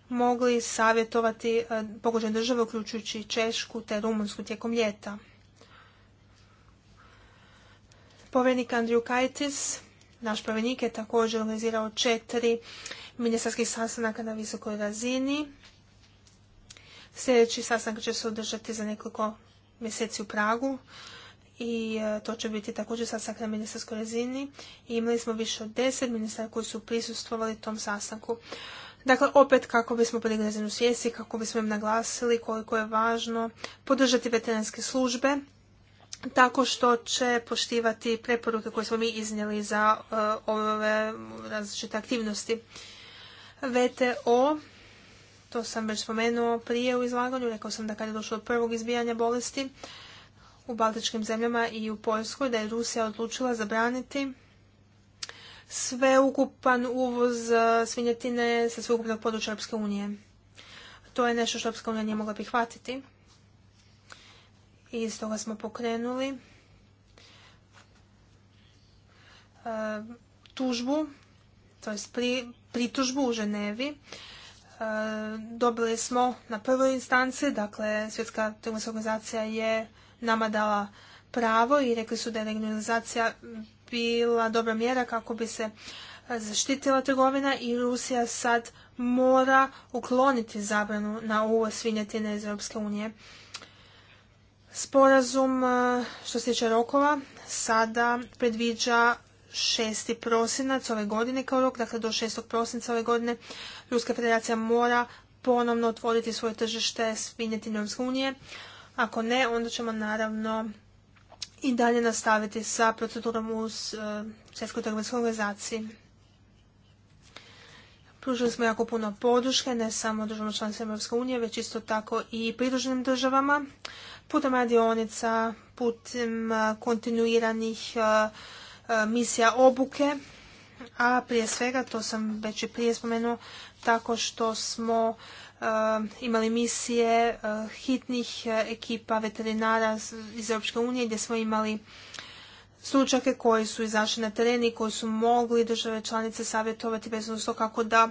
mogli savjetovati uh, pogođene države uključujući Češku te Rumunsku tijekom ljeta. Povjernik Andriju Kajtis, naš povjerenik je također organizirao četiri ministarskih sastanaka na visokoj razini. Sljedeći sastanak će se održati za nekoliko mjeseci u Pragu i e, to će biti također sastanak na ministarskoj razini. imali smo više od deset ministara koji su prisustvovali tom sastanku. Dakle, opet kako bismo podigli u svijesti, kako bismo im naglasili koliko je važno podržati veterinarske službe tako što će poštivati preporuke koje smo mi iznijeli za e, ove različite aktivnosti. VTO, to sam već spomenuo prije u izlaganju, rekao sam da kad je došlo do prvog izbijanja bolesti u baltičkim zemljama i u Poljskoj, da je Rusija odlučila zabraniti sveukupan uvoz e, svinjetine sa sveukupnog područja Europske unije. To je nešto što Europska unija nije mogla prihvatiti i stoga smo pokrenuli e, tužbu, to je pritužbu u Ženevi. E, dobili smo na prvoj instanci, dakle Svjetska trgovinska organizacija je nama dala pravo i rekli su da je regionalizacija bila dobra mjera kako bi se zaštitila trgovina i Rusija sad mora ukloniti zabranu na uvoz svinjetine iz Europske unije. Sporazum e, što se tiče rokova sada predviđa 6. prosinac ove godine kao rok, dakle do 6. prosinca ove godine Ruska federacija mora ponovno otvoriti svoje tržište svinjetine Europske unije. Ako ne, onda ćemo naravno i dalje nastaviti sa procedurom u e, Svjetskoj trgovinskoj organizaciji. Pružili smo jako puno podrške, ne samo državama članicama Europske unije, već isto tako i pridruženim državama putem radionica, putem eh, kontinuiranih eh, eh, misija obuke, a prije svega, to sam već i prije spomenuo, tako što smo imali misije hitnih ekipa veterinara iz Europske unije gdje smo imali stručnjake koji su izašli na teren i koji su mogli države članice savjetovati vezano kako da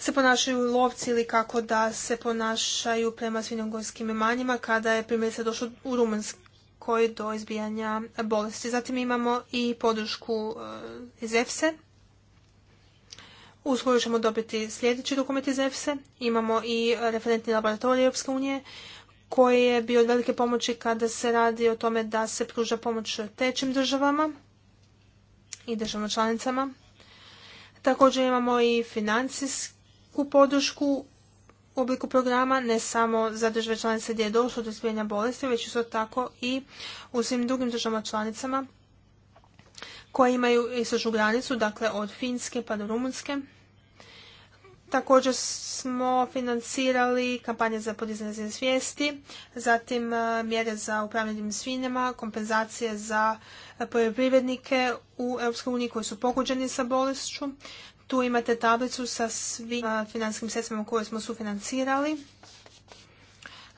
se ponašaju lovci ili kako da se ponašaju prema svinjogorskim imanjima kada je primjerice došlo u Rumunskoj do izbijanja bolesti. Zatim imamo i podršku e, iz EFSE. Uskoro ćemo dobiti sljedeći dokument iz EFSE. Imamo i referentni laboratorij Europske unije koji je bio od velike pomoći kada se radi o tome da se pruža pomoć trećim državama i državama članicama. Također imamo i financijski veliku podršku u obliku programa, ne samo za države članice gdje je došlo do bolesti, već isto tako i u svim drugim državama članicama koje imaju istočnu granicu, dakle od Finske pa do Rumunske. Također smo financirali kampanje za podizanje svijesti, zatim e, mjere za upravljanje svinjama, kompenzacije za poljoprivrednike u EU koji su pogođeni sa bolešću. Tu imate tablicu sa svim financijskim sredstvima koje smo sufinancirali.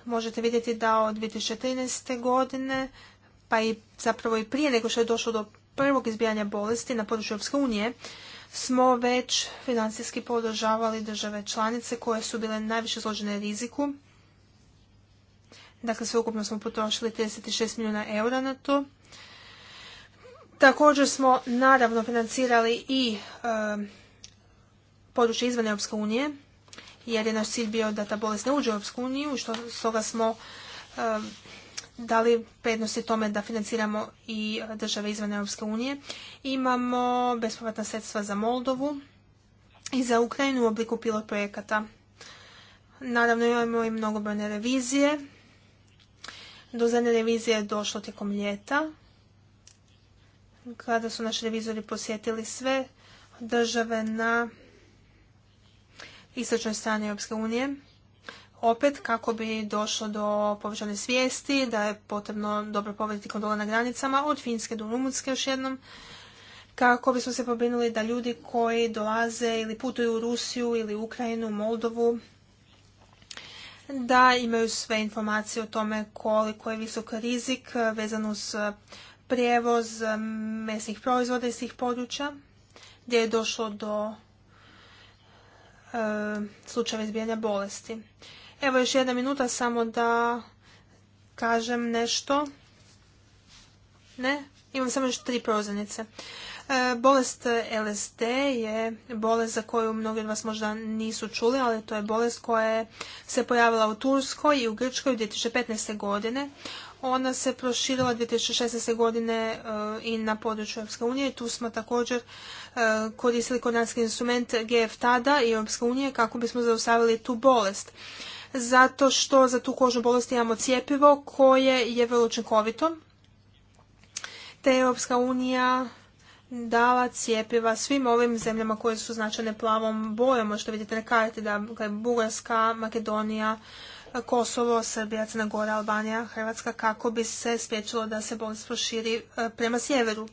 Možete vidjeti da od 2013. godine, pa i zapravo i prije nego što je došlo do prvog izbijanja bolesti na području Europske unije, smo već financijski podržavali države članice koje su bile najviše složene riziku. Dakle, sveukupno smo potrošili 36 milijuna eura na to. Također smo naravno financirali i e, područje izvan Europske unije, jer je naš cilj bio da ta bolest ne uđe u Europsku uniju, što stoga smo um, dali prednosti tome da financiramo i države izvan Europske unije. Imamo bespovratna sredstva za Moldovu i za Ukrajinu u obliku pilot projekata. Naravno imamo i mnogobrojne revizije. Do zadnje revizije je došlo tijekom ljeta, kada su naši revizori posjetili sve države na istočnoj strani Europske unije. Opet kako bi došlo do povećane svijesti da je potrebno dobro povediti kontrole na granicama od Finske do Rumunske još jednom kako bismo se pobrinuli da ljudi koji dolaze ili putuju u Rusiju ili Ukrajinu, Moldovu, da imaju sve informacije o tome koliko je visok rizik vezan uz prijevoz mesnih proizvoda iz tih područja, gdje je došlo do E, slučajeva izbijanja bolesti. Evo još jedna minuta samo da kažem nešto. Ne? Imam samo još tri prozornice. E, bolest LSD je bolest za koju mnogi od vas možda nisu čuli, ali to je bolest koja se pojavila u Turskoj i u Grčkoj u 2015. godine. Ona se proširila 2016. godine e, i na području Europske unije. Tu smo također e, koristili kodanski instrument GF tada i Europske unije kako bismo zaustavili tu bolest. Zato što za tu kožnu bolest imamo cijepivo koje je vrlo učinkovito. Te Europska unija dala cijepiva svim ovim zemljama koje su značajne plavom bojom. Možete vidjeti na karti da je Bugarska, Makedonija, Kosovo, Srbija, Crna Gora, Albanija, Hrvatska kako bi se spriječilo da se bolest proširi e, prema sjeveru.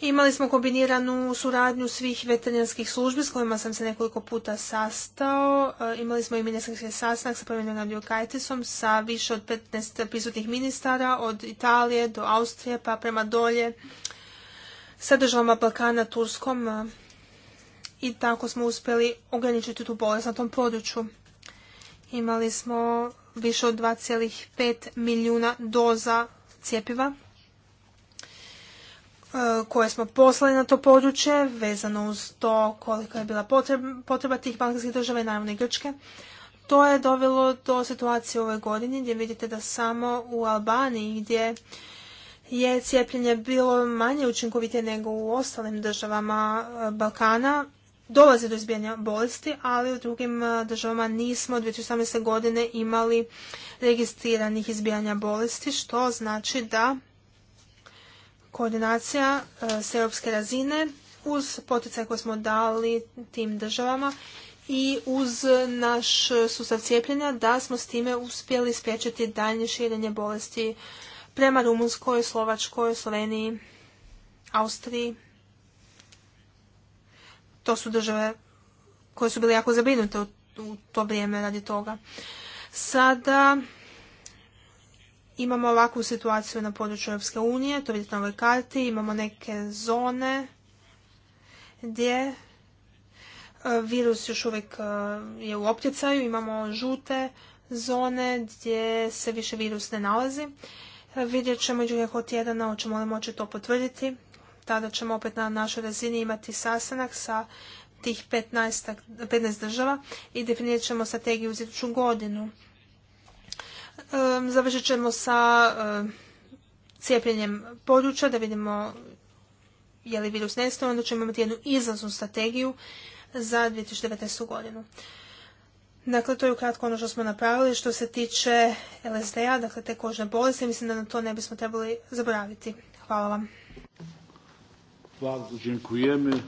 Imali smo kombiniranu suradnju svih veterinarskih službi s kojima sam se nekoliko puta sastao. E, imali smo i ministarski sastanak sa promjenom Andriukajtisom sa više od 15 prisutnih ministara od Italije do Austrije pa prema dolje sa državama Balkana, Turskom e, i tako smo uspjeli ograničiti tu bolest na tom području. Imali smo više od 2,5 milijuna doza cjepiva e, koje smo poslali na to područje vezano uz to koliko je bila potreba, tih balkanskih država i naravno i Grčke. To je dovelo do situacije u ovoj godini gdje vidite da samo u Albaniji gdje je cijepljenje bilo manje učinkovitije nego u ostalim državama e, Balkana dolazi do izbijanja bolesti, ali u drugim e, državama nismo od 2018. godine imali registriranih izbijanja bolesti, što znači da koordinacija e, s europske razine uz poticaj koje smo dali tim državama i uz naš sustav cijepljenja da smo s time uspjeli spriječiti daljnje širenje bolesti prema Rumunskoj, Slovačkoj, Sloveniji, Austriji to su države koje su bile jako zabrinute u, to vrijeme radi toga. Sada imamo ovakvu situaciju na području Europske unije, to vidite na ovoj karti, imamo neke zone gdje e, virus još uvijek e, je u optjecaju, imamo žute zone gdje se više virus ne nalazi. E, vidjet ćemo iđu tjedana, hoćemo li moći to potvrditi tada ćemo opet na našoj razini imati sastanak sa tih 15, država i definirat ćemo strategiju za iduću godinu. Završit ćemo sa cijepljenjem područja da vidimo je li virus nestao, onda ćemo imati jednu izlaznu strategiju za 2019. godinu. Dakle, to je ukratko ono što smo napravili. Što se tiče LSD-a, dakle te kožne bolesti, mislim da na to ne bismo trebali zaboraviti. Hvala vam dziękujemy.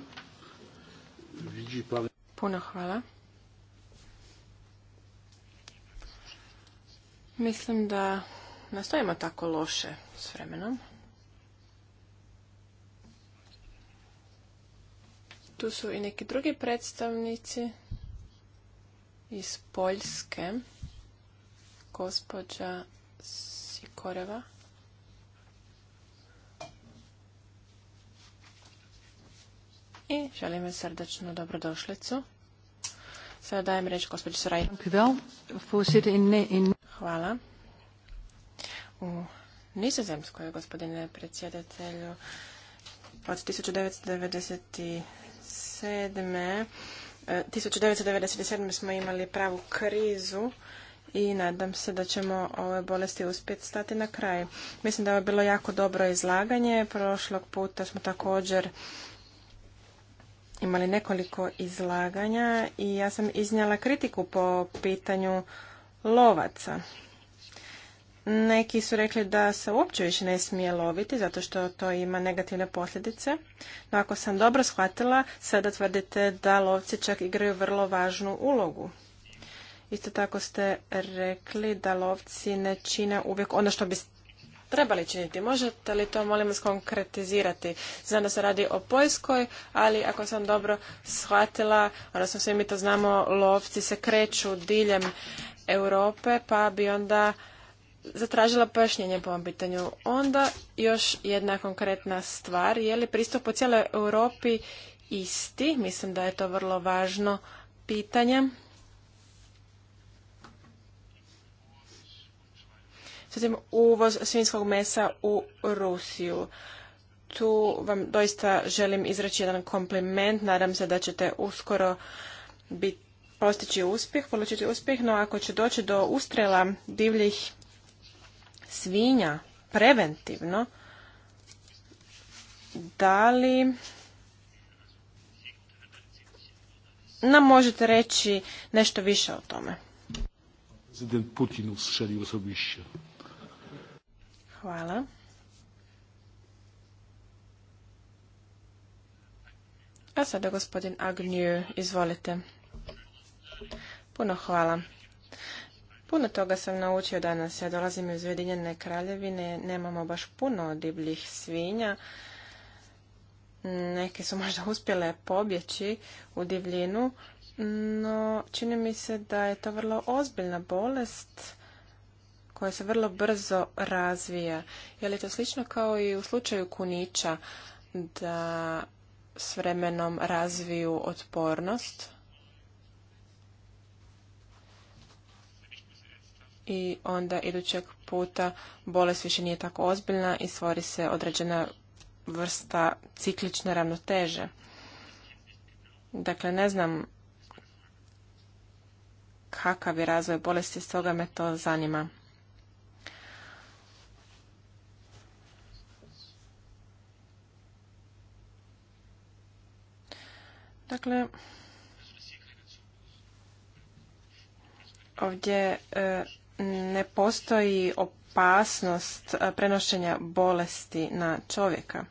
Puno hvala. Mislim da nastojimo tako loše s vremenom. Tu su i neki drugi predstavnici iz Poljske, gospođa Sikoreva. i želim vam srdečnu dobrodošlicu. Sada dajem reč gospođi Soraj. Hvala. U Nizozemskoj, gospodine predsjedatelju, od 1997. 1997. E, smo imali pravu krizu i nadam se da ćemo ove bolesti uspjeti stati na kraj. Mislim da je bilo jako dobro izlaganje. Prošlog puta smo također imali nekoliko izlaganja i ja sam iznijela kritiku po pitanju lovaca. Neki su rekli da se uopće više ne smije loviti zato što to ima negativne posljedice. No ako sam dobro shvatila, sada tvrdite da lovci čak igraju vrlo važnu ulogu. Isto tako ste rekli da lovci ne čine uvijek ono što bi trebali činiti. Možete li to, molim vas, konkretizirati? Znam da se radi o Poljskoj, ali ako sam dobro shvatila, odnosno svi mi to znamo, lovci se kreću diljem Europe, pa bi onda zatražila pojašnjenje po ovom pitanju. Onda još jedna konkretna stvar, je li pristup po cijeloj Europi isti? Mislim da je to vrlo važno pitanje. Zatim uvoz svinskog mesa u Rusiju. Tu vam doista želim izreći jedan kompliment. Nadam se da ćete uskoro biti postići uspjeh, polučiti uspjeh, no ako će doći do ustrela divljih svinja preventivno, da li nam možete reći nešto više o tome? Prezident Putin Hvala. A sada gospodin Agnju, izvolite. Puno hvala. Puno toga sam naučio danas. Ja dolazim iz Ujedinjene kraljevine, nemamo baš puno divljih svinja. Neke su možda uspjele pobjeći u divljinu, no čini mi se da je to vrlo ozbiljna bolest koja se vrlo brzo razvija. Je li to slično kao i u slučaju kunića da s vremenom razviju otpornost? I onda idućeg puta bolest više nije tako ozbiljna i stvori se određena vrsta ciklične ravnoteže. Dakle, ne znam kakav je razvoj bolesti, stoga me to zanima. Dakle, ovdje e, ne postoji opasnost e, prenošenja bolesti na čovjeka.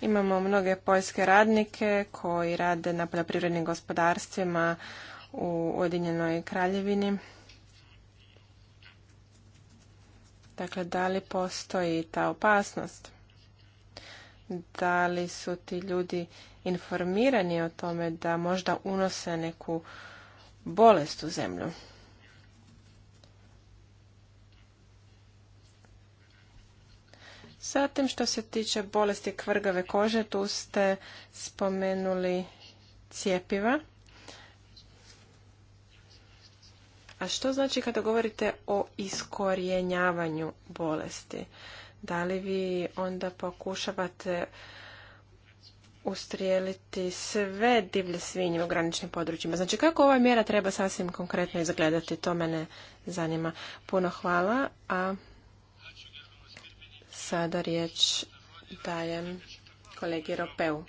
Imamo mnoge poljske radnike koji rade na poljoprivrednim gospodarstvima u Ujedinjenoj kraljevini. Dakle, da li postoji ta opasnost? da li su ti ljudi informirani o tome da možda unose neku bolest u zemlju. Zatim što se tiče bolesti kvrgave kože, tu ste spomenuli cijepiva. A što znači kada govorite o iskorjenjavanju bolesti? Da li vi onda pokušavate ustrijeliti sve divlje svinje u graničnim područjima. Znači, kako ova mjera treba sasvim konkretno izgledati, to mene zanima. Puno hvala, a sada riječ dajem kolegi Ropeu.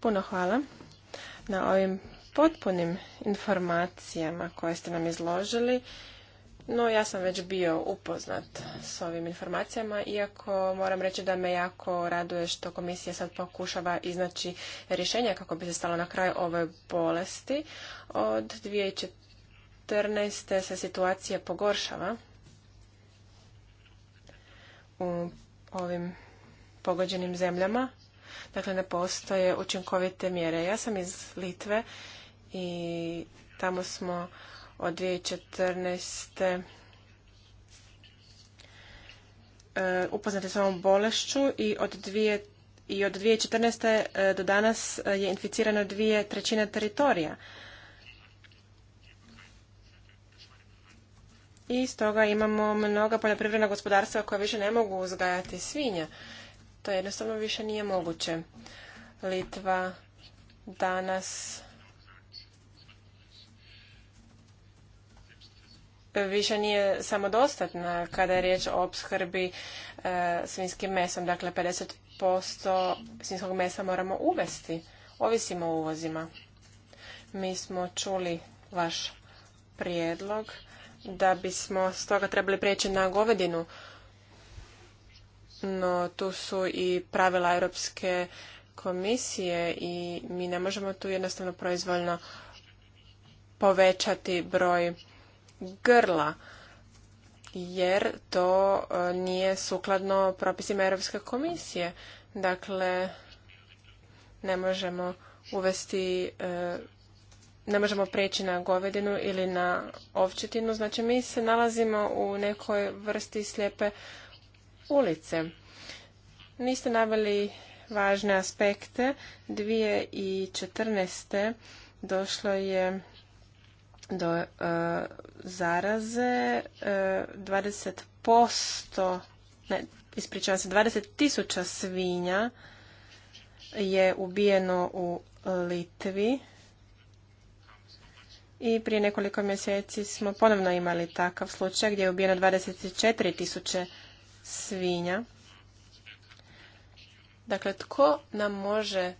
Puno hvala na ovim potpunim informacijama koje ste nam izložili. No, ja sam već bio upoznat s ovim informacijama, iako moram reći da me jako raduje što komisija sad pokušava iznaći rješenja kako bi se stalo na kraj ove bolesti. Od 2014. se situacija pogoršava u ovim pogođenim zemljama. Dakle, ne postoje učinkovite mjere. Ja sam iz Litve i tamo smo od 2014. E, upoznati s ovom bolešću i od dvije i od 2014. E, do danas e, je inficirano dvije trećine teritorija. I stoga imamo mnoga poljoprivredna gospodarstva koja više ne mogu uzgajati svinja. To jednostavno više nije moguće. Litva danas više nije samodostatna kada je riječ o opskrbi e, svinskim mesom. Dakle, 50% svinskog mesa moramo uvesti. Ovisimo o uvozima. Mi smo čuli vaš prijedlog da bismo stoga trebali prijeći na govedinu no tu su i pravila Europske komisije i mi ne možemo tu jednostavno proizvoljno povećati broj grla jer to e, nije sukladno propisima Europske komisije. Dakle, ne možemo uvesti, e, ne možemo preći na govedinu ili na ovčetinu. Znači, mi se nalazimo u nekoj vrsti slijepe ulice. Niste naveli važne aspekte. 2014. došlo je do e, zaraze 20%, e, ne, ispričavam se, 20 tisuća svinja je ubijeno u Litvi. I prije nekoliko mjeseci smo ponovno imali takav slučaj gdje je ubijeno 24 tisuće svinja. Dakle, tko nam može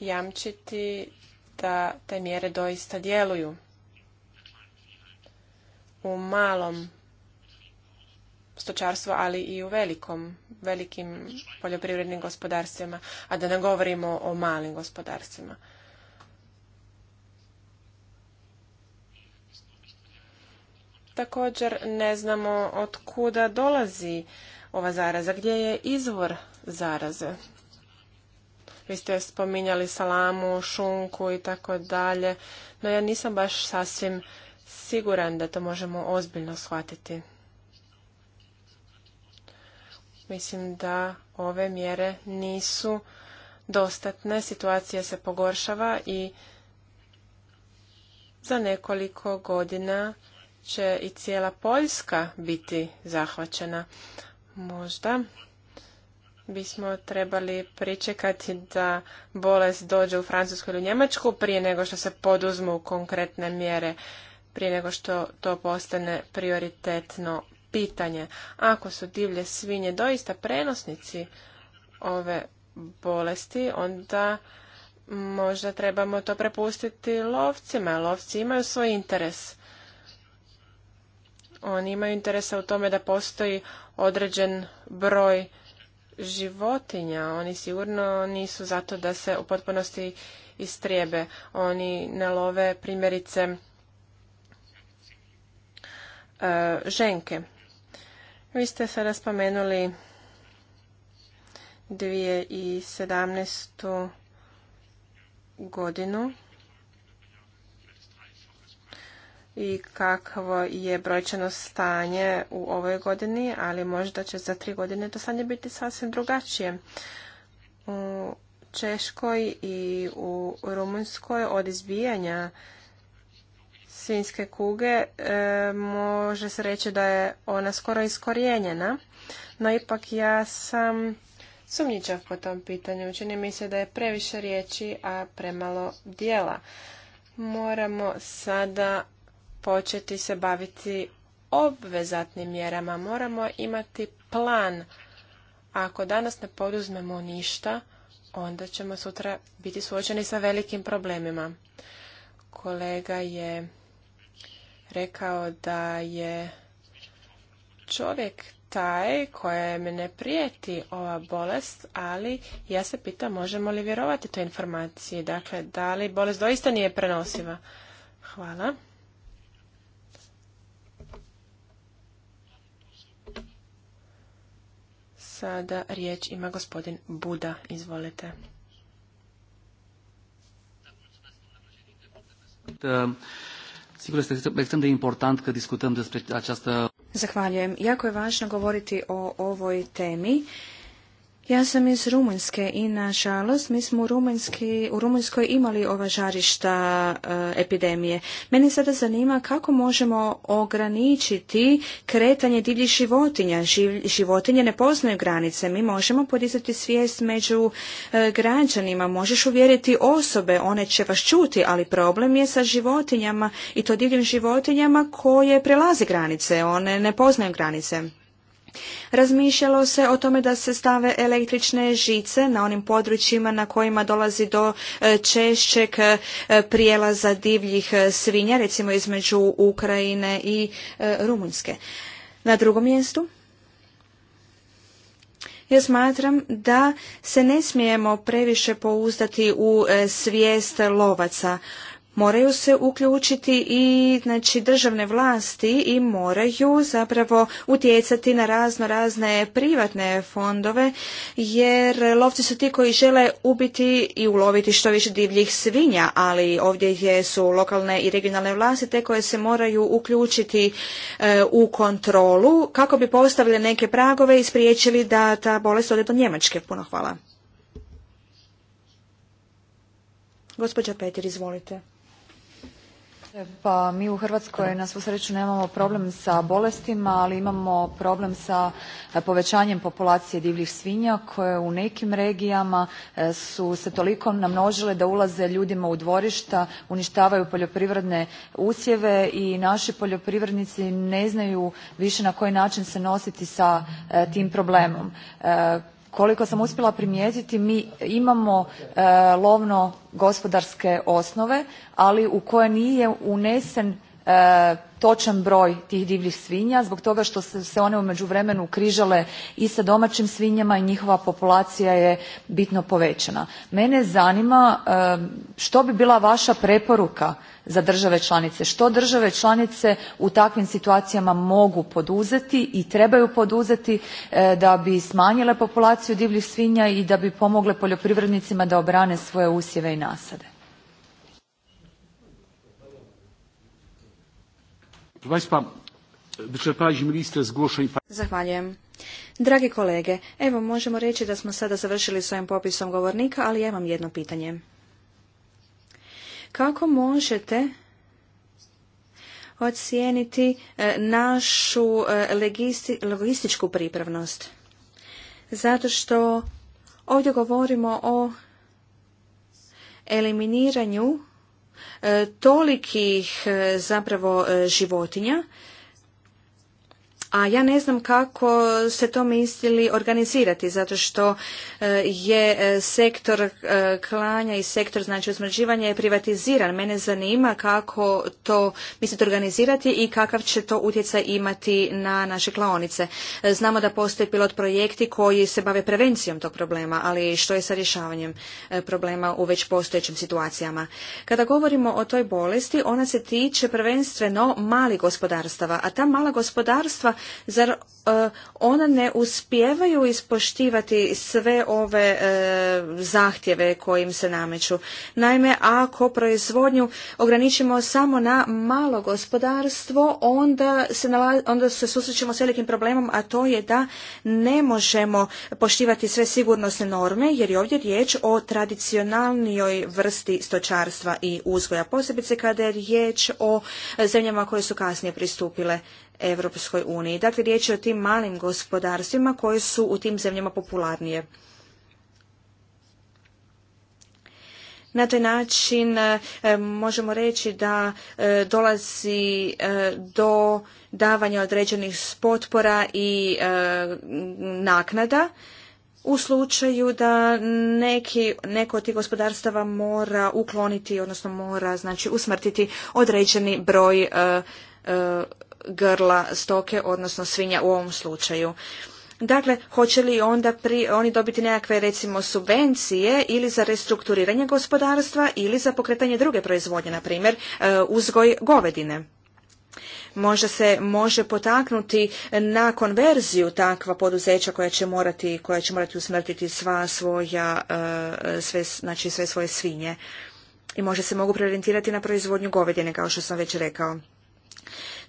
jamčiti da te mjere doista djeluju? U malom stočarstvu, ali i u velikom, velikim poljoprivrednim gospodarstvima, a da ne govorimo o malim gospodarstvima. Također ne znamo od kuda dolazi ova zaraza, gdje je izvor zaraze. Vi ste spominjali salamu, šunku i tako dalje, no ja nisam baš sasvim siguran da to možemo ozbiljno shvatiti. Mislim da ove mjere nisu dostatne, situacija se pogoršava i za nekoliko godina će i cijela Poljska biti zahvaćena. Možda bismo trebali pričekati da bolest dođe u Francusku ili u Njemačku prije nego što se poduzmu konkretne mjere, prije nego što to postane prioritetno pitanje. Ako su divlje svinje doista prenosnici ove bolesti, onda možda trebamo to prepustiti lovcima. Lovci imaju svoj interes oni imaju interesa u tome da postoji određen broj životinja. Oni sigurno nisu zato da se u potpunosti istrijebe. Oni ne love primjerice e, ženke. Vi ste sada spomenuli 2017. godinu. i kakvo je brojčano stanje u ovoj godini, ali možda će za tri godine to stanje biti sasvim drugačije. U Češkoj i u Rumunjskoj od izbijanja svinjske kuge e, može se reći da je ona skoro iskorijenjena, no ipak ja sam sumnjičav po tom pitanju. Čini mi se da je previše riječi, a premalo dijela. Moramo sada početi se baviti obvezatnim mjerama. Moramo imati plan. Ako danas ne poduzmemo ništa, onda ćemo sutra biti suočeni sa velikim problemima. Kolega je rekao da je čovjek taj kojem ne prijeti ova bolest, ali ja se pitam možemo li vjerovati toj informaciji. Dakle, da li bolest doista nije prenosiva? Hvala. Sada riječ ima gospodin Buda. Izvolite. Um, Zahvaljujem. Jako je važno govoriti o ovoj temi ja sam iz Rumunjske i nažalost mi smo u, Rumunjski, u Rumunjskoj imali ova žarišta e, epidemije. Mene sada zanima kako možemo ograničiti kretanje divljih životinja. životinje ne poznaju granice. Mi možemo podizati svijest među e, građanima. Možeš uvjeriti osobe, one će vas čuti, ali problem je sa životinjama i to divljim životinjama koje prelaze granice. One ne poznaju granice. Razmišljalo se o tome da se stave električne žice na onim područjima na kojima dolazi do e, češćeg e, prijelaza divljih e, svinja, recimo između Ukrajine i Rumunjske. Na drugom mjestu ja smatram da se ne smijemo previše pouzdati u svijest lovaca moraju se uključiti i znači državne vlasti i moraju zapravo utjecati na razno razne privatne fondove jer lovci su ti koji žele ubiti i uloviti što više divljih svinja, ali ovdje su lokalne i regionalne vlasti te koje se moraju uključiti e, u kontrolu kako bi postavili neke pragove i spriječili da ta bolest ode do Njemačke. Puno hvala. Gospođa Petir, izvolite. Pa mi u Hrvatskoj na svu sreću nemamo problem sa bolestima, ali imamo problem sa e, povećanjem populacije divljih svinja koje u nekim regijama e, su se toliko namnožile da ulaze ljudima u dvorišta, uništavaju poljoprivredne usjeve i naši poljoprivrednici ne znaju više na koji način se nositi sa e, tim problemom koliko sam uspjela primijetiti mi imamo e, lovno gospodarske osnove ali u koje nije unesen E, točan broj tih divljih svinja zbog toga što su se one u međuvremenu križale i sa domaćim svinjama i njihova populacija je bitno povećana. Mene zanima e, što bi bila vaša preporuka za države članice, što države članice u takvim situacijama mogu poduzeti i trebaju poduzeti e, da bi smanjile populaciju divljih svinja i da bi pomogle poljoprivrednicima da obrane svoje usjeve i nasade? Pa- Zahvaljujem. Dragi kolege, evo možemo reći da smo sada završili s ovim popisom govornika, ali ja imam jedno pitanje. Kako možete ocijeniti e, našu e, logističku pripravnost? Zato što ovdje govorimo o eliminiranju tolikih e, zapravo e, životinja a ja ne znam kako se to mislili organizirati zato što e, je e, sektor e, klanja i sektor znači usmrđivanja je privatiziran. Mene zanima kako to mislite organizirati i kakav će to utjecaj imati na naše klaonice. Znamo da postoje pilot projekti koji se bave prevencijom tog problema, ali što je sa rješavanjem problema u već postojećim situacijama. Kada govorimo o toj bolesti, ona se tiče prvenstveno malih gospodarstava, a ta mala gospodarstva zar e, ona ne uspijevaju ispoštivati sve ove e, zahtjeve kojim se nameću. Naime, ako proizvodnju ograničimo samo na malo gospodarstvo, onda se, onda se susrećemo s velikim problemom, a to je da ne možemo poštivati sve sigurnosne norme, jer je ovdje riječ o tradicionalnijoj vrsti stočarstva i uzgoja, posebice kada je riječ o zemljama koje su kasnije pristupile Europskoj uniji. Dakle, riječ je o tim malim gospodarstvima koji su u tim zemljama popularnije. Na taj način e, možemo reći da e, dolazi e, do davanja određenih potpora i naknada u slučaju da neki, neko od tih gospodarstava mora ukloniti, odnosno mora znači usmrtiti određeni broj grla stoke, odnosno svinja u ovom slučaju. Dakle, hoće li onda pri, oni dobiti nekakve recimo subvencije ili za restrukturiranje gospodarstva ili za pokretanje druge proizvodnje, na primjer e, uzgoj govedine? možda se može potaknuti na konverziju takva poduzeća koja će morati, koja će morati usmrtiti sva svoja, e, sve, znači sve svoje svinje. I možda se mogu preorientirati na proizvodnju govedine, kao što sam već rekao.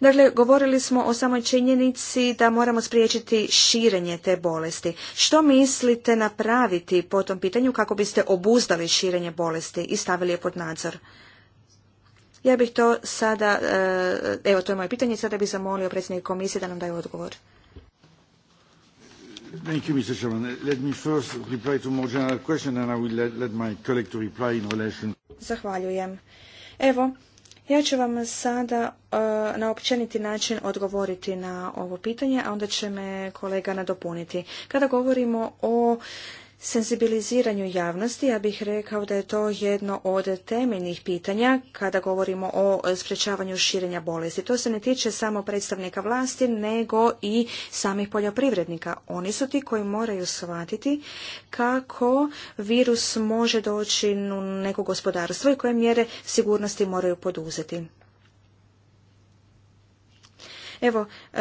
Dakle, govorili smo o samoj činjenici da moramo spriječiti širenje te bolesti. Što mislite napraviti po tom pitanju kako biste obuzdali širenje bolesti i stavili je pod nadzor? Ja bih to sada, eh, evo to je moje pitanje, sada bih zamolio predsjednik komisije da nam daje odgovor. Zahvaljujem. Evo, ja ću vam sada e, na općeniti način odgovoriti na ovo pitanje, a onda će me kolega nadopuniti. Kada govorimo o senzibiliziranju javnosti, ja bih rekao da je to jedno od temeljnih pitanja kada govorimo o sprječavanju širenja bolesti. To se ne tiče samo predstavnika vlasti, nego i samih poljoprivrednika. Oni su ti koji moraju shvatiti kako virus može doći u neko gospodarstvo i koje mjere sigurnosti moraju poduzeti. Evo, e,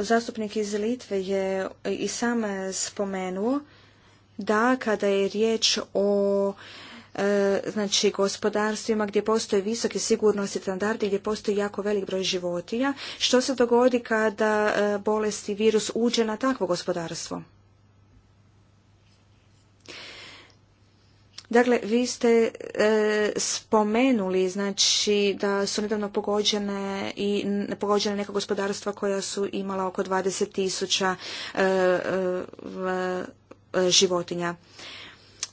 zastupnik iz Litve je i sam spomenuo da kada je riječ o e, znači gospodarstvima gdje postoje visoki sigurnosti standardi, gdje postoji jako velik broj životinja, što se dogodi kada e, bolest i virus uđe na takvo gospodarstvo? Dakle, vi ste e, spomenuli znači da su nedavno pogođene i pogođene neka gospodarstva koja su imala oko 20 tisuća e, e, E, životinja.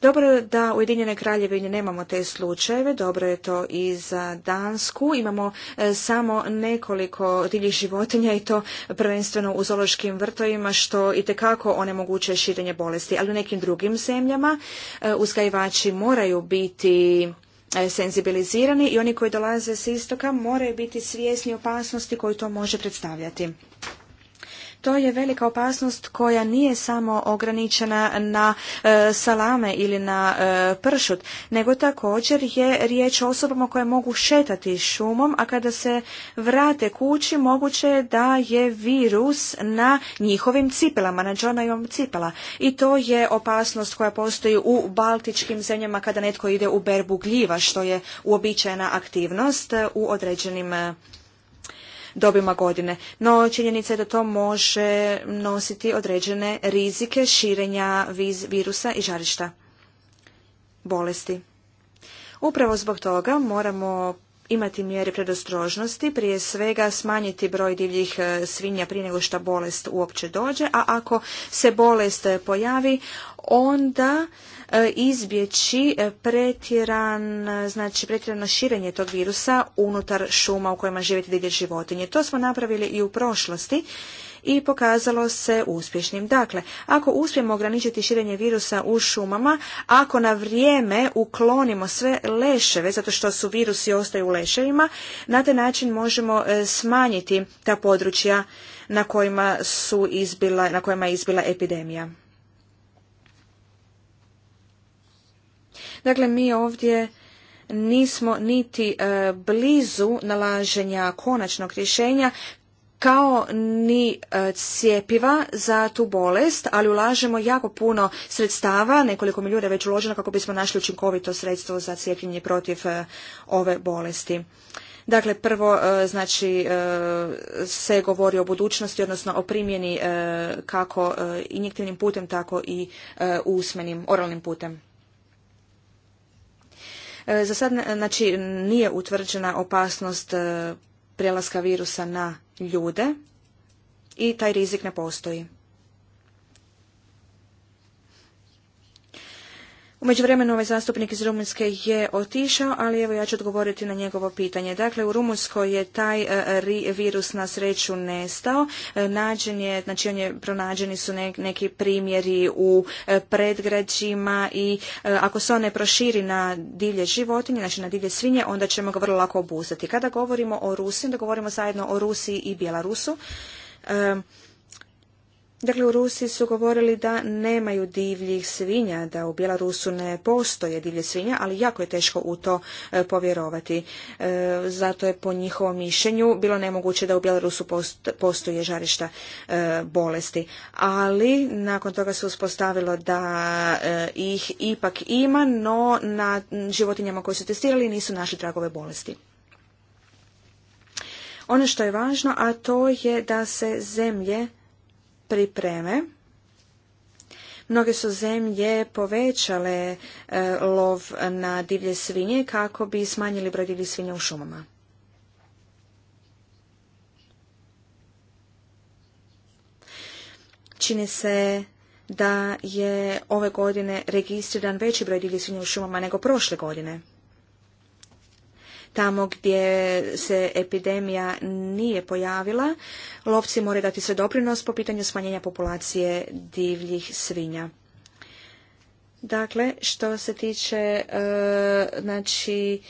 Dobro je da Ujedinjene kraljevine nemamo te slučajeve, dobro je to i za Dansku. Imamo e, samo nekoliko divljih životinja i to prvenstveno u zološkim vrtovima što i tekako onemogućuje širenje bolesti. Ali u nekim drugim zemljama e, uzgajivači moraju biti senzibilizirani i oni koji dolaze s istoka moraju biti svjesni opasnosti koju to može predstavljati. To je velika opasnost koja nije samo ograničena na e, salame ili na e, pršut, nego također je riječ o osobama koje mogu šetati šumom, a kada se vrate kući moguće je da je virus na njihovim cipelama, na džonajom cipela. I to je opasnost koja postoji u baltičkim zemljama kada netko ide u berbu gljiva, što je uobičajena aktivnost e, u određenim dobima godine. No činjenica je da to može nositi određene rizike širenja virusa i žarišta bolesti. Upravo zbog toga moramo imati mjere predostrožnosti, prije svega smanjiti broj divljih e, svinja prije nego što bolest uopće dođe, a ako se bolest pojavi, onda e, izbjeći e, pretjeran, e, znači pretjerano širenje tog virusa unutar šuma u kojima živite divlje životinje. To smo napravili i u prošlosti i pokazalo se uspješnim. Dakle, ako uspijemo ograničiti širenje virusa u šumama, ako na vrijeme uklonimo sve leševe, zato što su virusi ostaju u leševima, na taj način možemo smanjiti ta područja na kojima na kojima je izbila epidemija. Dakle, mi ovdje nismo niti e, blizu nalaženja konačnog rješenja kao ni e, cjepiva cijepiva za tu bolest, ali ulažemo jako puno sredstava, nekoliko milijuna je već uloženo kako bismo našli učinkovito sredstvo za cijepljenje protiv e, ove bolesti. Dakle, prvo znači, se govori o budućnosti, odnosno o primjeni kako injektivnim putem, tako i usmenim, oralnim putem. E, za sad znači, nije utvrđena opasnost e, prelaska virusa na ljude i taj rizik ne postoji. U međuvremenu ovaj zastupnik iz Rumunjske je otišao, ali evo ja ću odgovoriti na njegovo pitanje. Dakle, u Rumunjskoj je taj e, virus na sreću nestao. E, nađen je, znači on je, pronađeni su neki primjeri u e, predgrađima i ako se on ne proširi na divlje životinje, znači na divlje svinje, onda ćemo ga vrlo lako obuzeti. Kada govorimo o Rusiji, onda govorimo zajedno o Rusiji i Bjelarusu. Dakle, u Rusiji su govorili da nemaju divljih svinja, da u Bjelarusu ne postoje divlje svinja, ali jako je teško u to e, povjerovati. E, zato je po njihovom mišljenju bilo nemoguće da u Bjelarusu postoje žarišta e, bolesti. Ali nakon toga se uspostavilo da ih ipak ima, no na životinjama koje su testirali nisu našli tragove bolesti. Ono što je važno, a to je da se zemlje pripreme. Mnoge su zemlje povećale e, lov na divlje svinje kako bi smanjili broj divlje svinja u šumama. Čini se da je ove godine registriran veći broj divlje svinja u šumama nego prošle godine. Tamo gdje se epidemija nije pojavila, lovci moraju dati sve doprinos po pitanju smanjenja populacije divljih svinja. Dakle, što se tiče e, znači,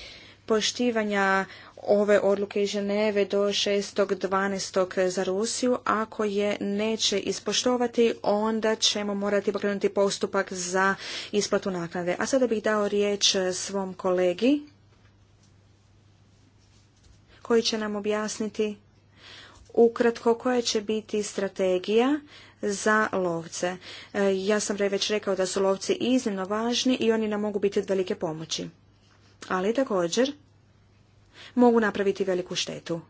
poštivanja ove odluke iz Ženeve do 6.12. za Rusiju. Ako je neće ispoštovati, onda ćemo morati pokrenuti postupak za isplatu naknade. A sada bih dao riječ svom kolegi, koji će nam objasniti ukratko koja će biti strategija za lovce. E, ja sam već rekao da su lovci iznimno važni i oni nam mogu biti od velike pomoći. Ali također mogu napraviti veliku štetu.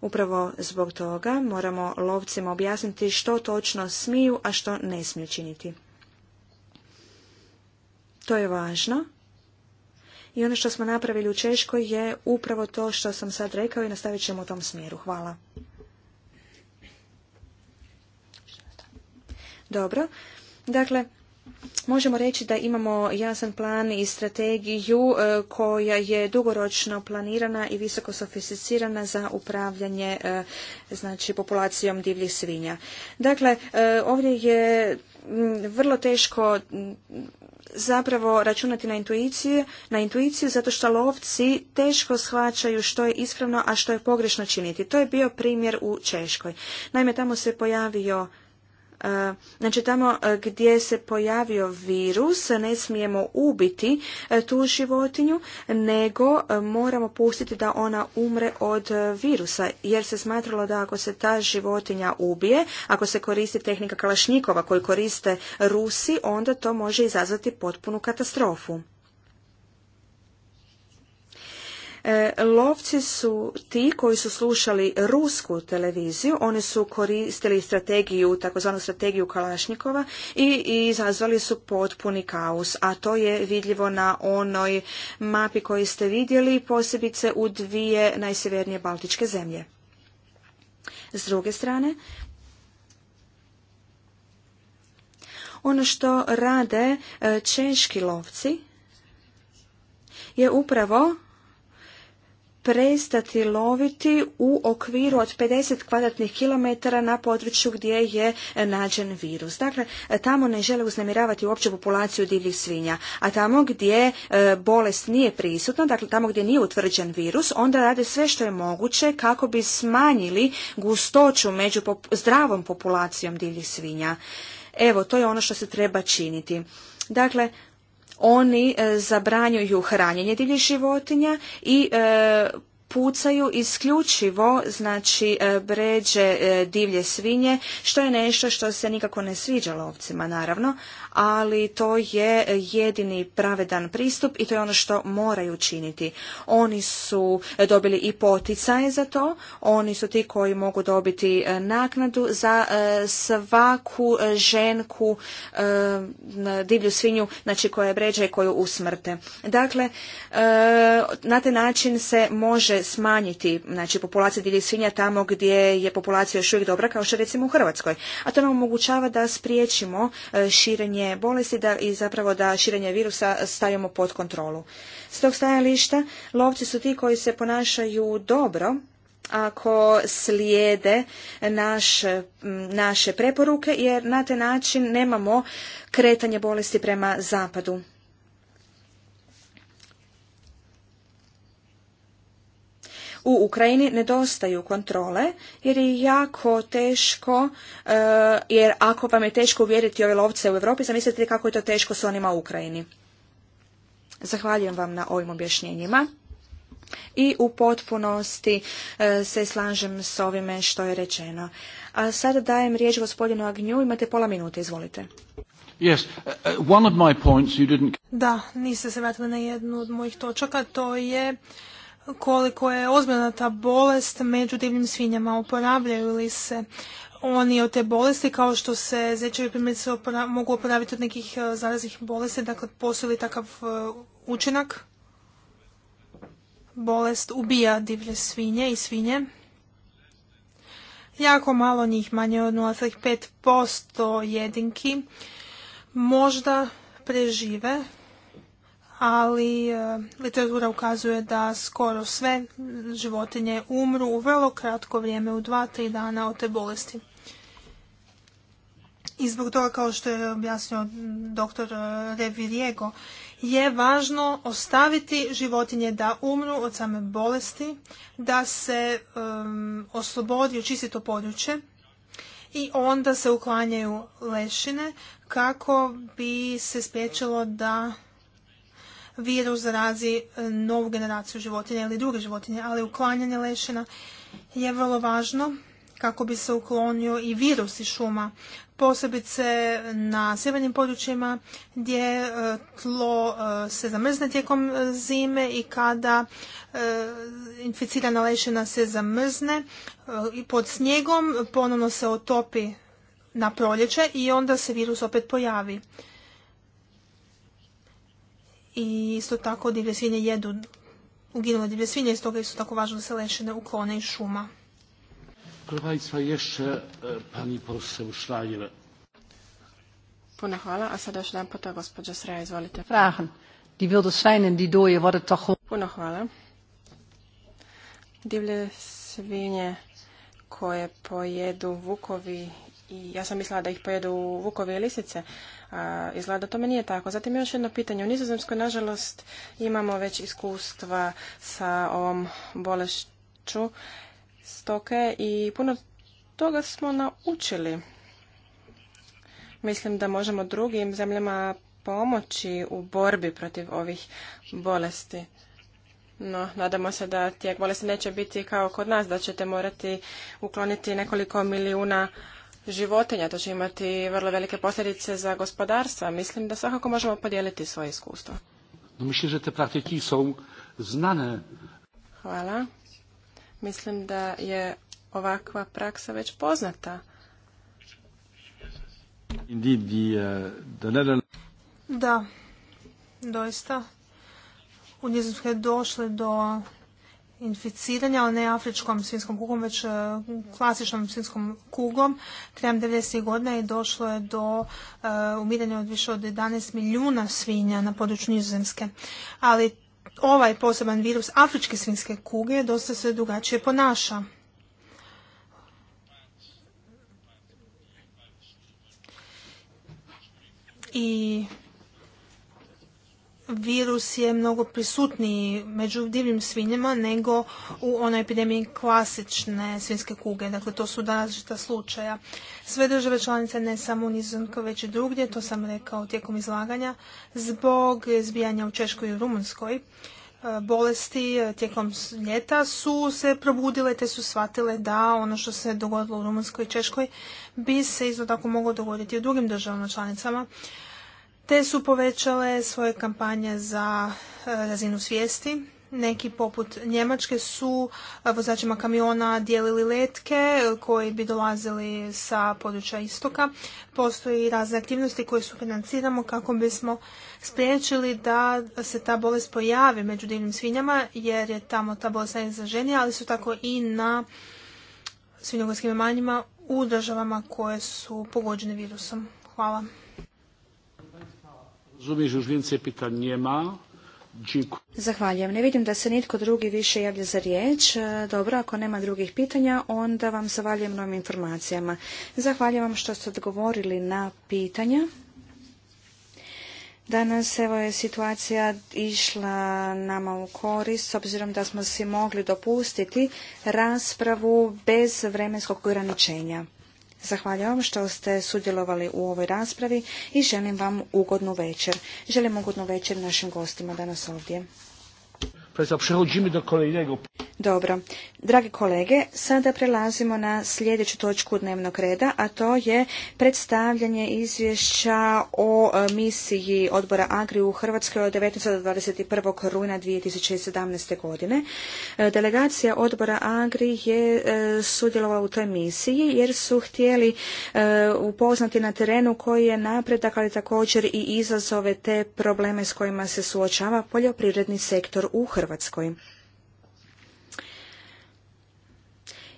Upravo zbog toga moramo lovcima objasniti što točno smiju, a što ne smiju činiti. To je važno i ono što smo napravili u Češkoj je upravo to što sam sad rekao i nastavit ćemo u tom smjeru. Hvala. Dobro. Dakle, možemo reći da imamo jasan plan i strategiju e, koja je dugoročno planirana i visoko sofisticirana za upravljanje e, znači populacijom divljih svinja. Dakle, e, ovdje je vrlo teško zapravo računati na intuiciju, na intuiciju zato što lovci teško shvaćaju što je ispravno, a što je pogrešno činiti. To je bio primjer u Češkoj. Naime, tamo se pojavio Znači tamo e, gdje se pojavio virus ne smijemo ubiti e, tu životinju, nego e, moramo pustiti da ona umre od virusa, jer se smatralo da ako se ta životinja ubije, ako se koristi tehnika kalašnjikova koju koriste Rusi, onda to može izazvati potpunu katastrofu. E, lovci su ti koji su slušali rusku televiziju, oni su koristili strategiju, takozvanu strategiju kalašnjikova i izazvali su potpuni kaos, a to je vidljivo na onoj mapi koju ste vidjeli, posebice u dvije najsevernije baltičke zemlje. S druge strane, ono što rade e, češki lovci je upravo prestati loviti u okviru od 50 kvadratnih kilometara na području gdje je nađen virus. Dakle, tamo ne žele uznemiravati uopće populaciju divljih svinja, a tamo gdje e, bolest nije prisutna, dakle tamo gdje nije utvrđen virus, onda rade sve što je moguće kako bi smanjili gustoću među zdravom populacijom divljih svinja. Evo, to je ono što se treba činiti. Dakle, oni e, zabranjuju hranjenje divljih životinja i e, pucaju isključivo znači e, bređe divlje svinje što je nešto što se nikako ne sviđa lovcima naravno ali to je jedini pravedan pristup i to je ono što moraju činiti. Oni su dobili i poticaje za to, oni su ti koji mogu dobiti e, naknadu za e, svaku e, ženku divlju svinju znači koja je bređa i koju usmrte. Dakle, na taj način se može smanjiti znači, populacija divljih svinja tamo gdje je populacija još uvijek dobra, kao što recimo u Hrvatskoj. A to nam omogućava da spriječimo širenje širenje bolesti da, i zapravo da širenje virusa stavimo pod kontrolu. S tog stajališta lovci su ti koji se ponašaju dobro ako slijede naše preporuke jer na taj način nemamo kretanje bolesti prema zapadu. u Ukrajini nedostaju kontrole jer je jako teško, e, jer ako vam je teško uvjeriti ove lovce u Europi, zamislite kako je to teško s onima u Ukrajini. Zahvaljujem vam na ovim objašnjenjima i u potpunosti e, se slažem s ovime što je rečeno. A sada dajem riječ gospodinu Agnju, imate pola minute, izvolite. Uh, uh, da, niste se vratili na jednu od mojih točaka, to je koliko je ozbiljna ta bolest među divljim svinjama, oporavljaju li se oni od te bolesti kao što se zečevi primjerice mogu oporaviti od nekih e, zaraznih bolesti, dakle postoji li takav e, učinak? Bolest ubija divlje svinje i svinje. Jako malo njih, manje od 0,5% jedinki, možda prežive ali e, literatura ukazuje da skoro sve životinje umru u vrlo kratko vrijeme, u dva, tri dana od te bolesti. I zbog toga, kao što je objasnio doktor e, Reviriego, je važno ostaviti životinje da umru od same bolesti, da se um, oslobodi očisti područje i onda se uklanjaju lešine kako bi se spriječilo da virus zarazi e, novu generaciju životinja ili druge životinje, ali uklanjanje lešina je vrlo važno kako bi se uklonio i virus iz šuma, posebice na sjevernim područjima gdje e, tlo e, se zamrzne tijekom zime i kada inficirana lešina se zamrzne i pod snijegom ponovno se otopi na proljeće i onda se virus opet pojavi i isto tako divlje svinje jedu uginule divlje svinje i stoga isto tako važno da se lešine uklone iz šuma. E, Puno hvala, a sada još jedan puta gospođa Sreja, izvolite. Prahan, Die wilde zwijnen die doje worden toch... Puno hvala. Divlje svinje koje pojedu vukovi i ja sam mislila da ih pojedu vukovi i lisice, a izgleda da tome nije tako. Zatim još jedno pitanje. U Nizozemskoj, nažalost, imamo već iskustva sa ovom bolešću stoke i puno toga smo naučili. Mislim da možemo drugim zemljama pomoći u borbi protiv ovih bolesti. No, nadamo se da tijek bolesti neće biti kao kod nas, da ćete morati ukloniti nekoliko milijuna životinja. To će imati vrlo velike posljedice za gospodarstva. Mislim da svakako možemo podijeliti svoje iskustvo. Mislim da te praktiki su znane. Hvala. Mislim da je ovakva praksa već poznata. Uh, da, doista. U Nizozemskoj je došlo do inficiranja, ali ne afričkom svinskom kugom, već e, klasičnom svinskom kugom. Krajem 90. godina je došlo je do e, umiranja od više od 11 milijuna svinja na području nizozemske. Ali ovaj poseban virus afričke svinske kuge dosta se drugačije ponaša. I virus je mnogo prisutniji među divljim svinjama nego u onoj epidemiji klasične svinske kuge. Dakle, to su različita slučaja. Sve države članice, ne samo u Nizozemskoj, već i drugdje, to sam rekao tijekom izlaganja, zbog zbijanja u Češkoj i Rumunskoj, e, bolesti e, tijekom ljeta su se probudile te su shvatile da ono što se dogodilo u Rumunskoj i Češkoj bi se isto tako moglo dogoditi u drugim državama članicama te su povećale svoje kampanje za e, razinu svijesti. Neki poput Njemačke su e, vozačima kamiona dijelili letke koji bi dolazili sa područja istoka. Postoji razne aktivnosti koje su financiramo kako bismo spriječili da se ta bolest pojavi među divnim svinjama jer je tamo ta bolest najizraženija, ali su tako i na svinjogorskim imanjima u državama koje su pogođene virusom. Hvala. Zahvaljujem. Ne vidim da se nitko drugi više javlja za riječ. E, dobro, ako nema drugih pitanja, onda vam zahvaljujem novim informacijama. Zahvaljujem vam što ste odgovorili na pitanja. Danas evo je situacija išla nama u korist s obzirom da smo si mogli dopustiti raspravu bez vremenskog ograničenja. Zahvaljujem vam što ste sudjelovali u ovoj raspravi i želim vam ugodnu večer. Želim ugodnu večer našim gostima danas ovdje. Dobro. Dragi kolege, sada prelazimo na sljedeću točku dnevnog reda, a to je predstavljanje izvješća o e, misiji odbora Agri u Hrvatskoj od 19. do 21. rujna 2017. godine. E, delegacija odbora Agri je e, sudjelovala u toj misiji jer su htjeli upoznati na terenu koji je napredak, ali također i izazove te probleme s kojima se suočava poljoprivredni sektor u Hrvatskoj.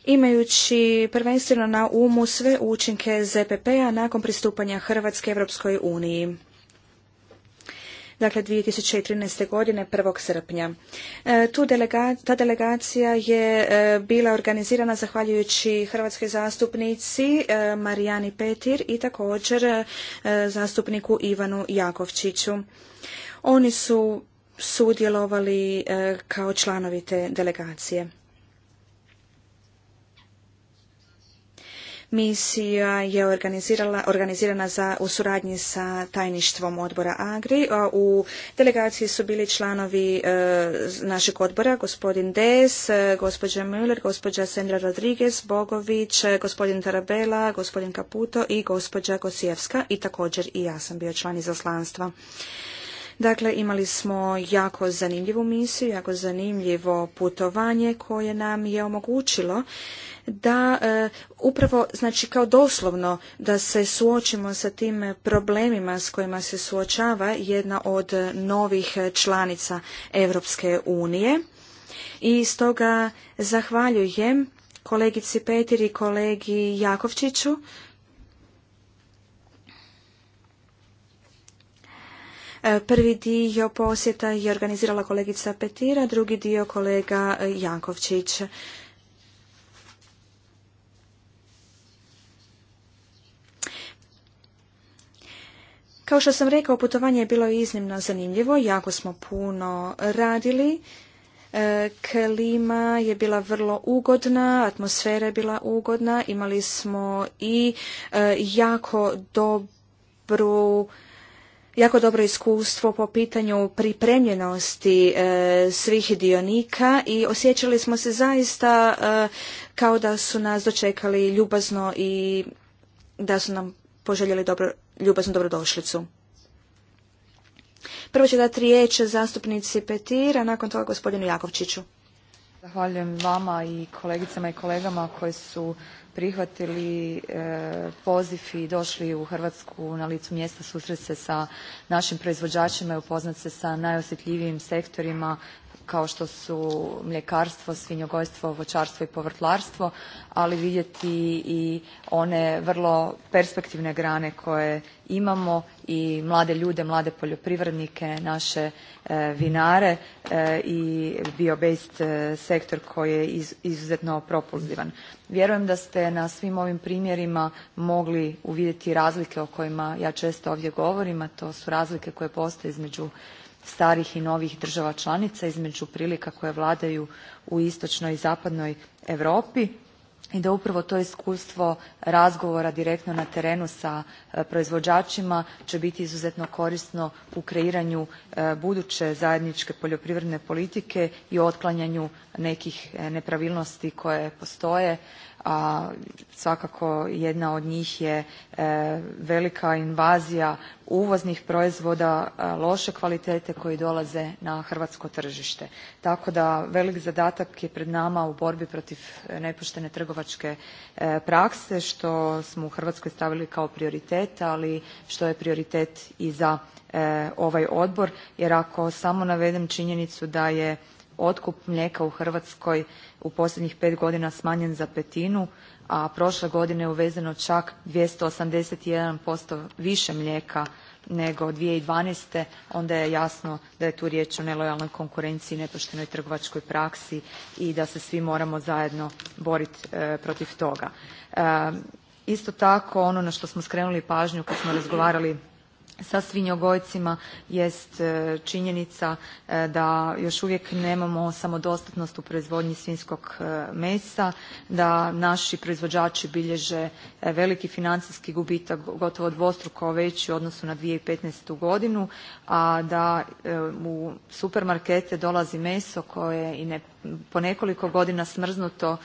imajući prvenstveno na umu sve učinke ZPP-a nakon pristupanja Hrvatske Europskoj uniji dakle 2013. godine 1. srpnja. E, ta delegacija je e, bila organizirana zahvaljujući hrvatskoj zastupnici e, Marijani Petir i također zastupniku Ivanu Jakovčiću. Oni su sudjelovali kao članovi te delegacije. Misija je organizirana za, u suradnji sa tajništvom odbora Agri. a U delegaciji su bili članovi e, našeg odbora, gospodin Des, e, gospođa Müller, gospođa Sandra Rodriguez, Bogović, e, gospodin Tarabela, gospodin Caputo i gospođa Gosijevska i također i ja sam bio član izaslanstva. Dakle, imali smo jako zanimljivu misiju, jako zanimljivo putovanje koje nam je omogućilo da e, upravo znači kao doslovno da se suočimo sa tim problemima s kojima se suočava jedna od novih članica Europske unije i stoga zahvaljujem kolegici Petir i kolegi Jakovčiću e, Prvi dio posjeta je organizirala kolegica Petira, drugi dio kolega Jankovčić. Kao što sam rekao, putovanje je bilo iznimno zanimljivo, jako smo puno radili. E, klima je bila vrlo ugodna, atmosfera je bila ugodna, imali smo i e, jako dobru jako dobro iskustvo po pitanju pripremljenosti e, svih dionika i osjećali smo se zaista kao da su nas dočekali ljubazno i da su nam poželjeli dobro, ljubaznu dobrodošlicu. Prvo će dati riječ zastupnici Petira, nakon toga gospodinu Jakovčiću. Zahvaljujem vama i kolegicama i kolegama koji su prihvatili e, poziv i došli u Hrvatsku na licu mjesta susret se sa našim proizvođačima i upoznat se sa najosjetljivijim sektorima kao što su mljekarstvo, svinjogojstvo, voćarstvo i povrtlarstvo, ali vidjeti i one vrlo perspektivne grane koje imamo i mlade ljude, mlade poljoprivrednike, naše e, vinare e, i bio e, sektor koji je izuzetno propulzivan. Vjerujem da ste na svim ovim primjerima mogli uvidjeti razlike o kojima ja često ovdje govorim, a to su razlike koje postoje između starih i novih država članica između prilika koje vladaju u istočnoj i zapadnoj Europi i da upravo to iskustvo razgovora direktno na terenu sa e, proizvođačima će biti izuzetno korisno u kreiranju e, buduće zajedničke poljoprivredne politike i otklanjanju nekih e, nepravilnosti koje postoje, a svakako jedna od njih je e, velika invazija uvoznih proizvoda e, loše kvalitete koji dolaze na hrvatsko tržište. Tako da velik zadatak je pred nama u borbi protiv nepoštene trgovačke prakse što smo u Hrvatskoj stavili kao prioritet, ali što je prioritet i za ovaj odbor jer ako samo navedem činjenicu da je otkup mlijeka u Hrvatskoj u posljednjih pet godina smanjen za petinu, a prošle godine je uvezeno čak 281% više mlijeka nego 2012. onda je jasno da je tu riječ o nelojalnoj konkurenciji, nepoštenoj trgovačkoj praksi i da se svi moramo zajedno boriti e, protiv toga. E, isto tako ono na što smo skrenuli pažnju kad smo razgovarali sa svinjogojcima jest e, činjenica e, da još uvijek nemamo samodostatnost u proizvodnji svinjskog e, mesa, da naši proizvođači bilježe veliki financijski gubitak gotovo dvostruko veći u odnosu na 2015. godinu, a da u supermarkete dolazi meso koje i ne po nekoliko godina smrznuto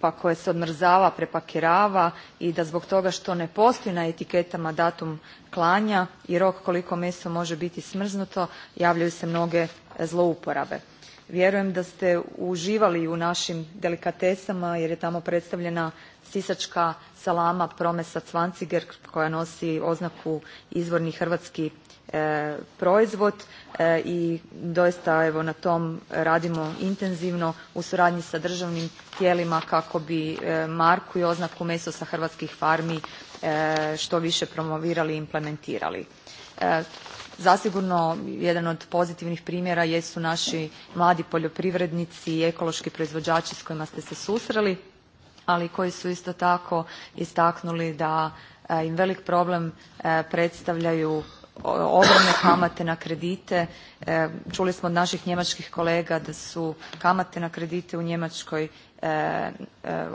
pa koje se odmrzava, prepakirava i da zbog toga što ne postoji na etiketama datum klanja i rok koliko meso može biti smrznuto javljaju se mnoge zlouporabe. Vjerujem da ste uživali u našim delikatesama jer je tamo predstavljena sisačka salama promesa cvanciger koja nosi oznaku izvorni hrvatski E, proizvod e, i doista evo na tom radimo intenzivno u suradnji sa državnim tijelima kako bi e, marku i oznaku meso sa hrvatskih farmi što više promovirali i implementirali. Zasigurno jedan od pozitivnih primjera jesu naši mladi poljoprivrednici i ekološki proizvođači s kojima ste se susreli, ali koji su isto tako istaknuli da im velik problem predstavljaju ogromne kamate na kredite. E, čuli smo od naših njemačkih kolega da su kamate na kredite u Njemačkoj e, e,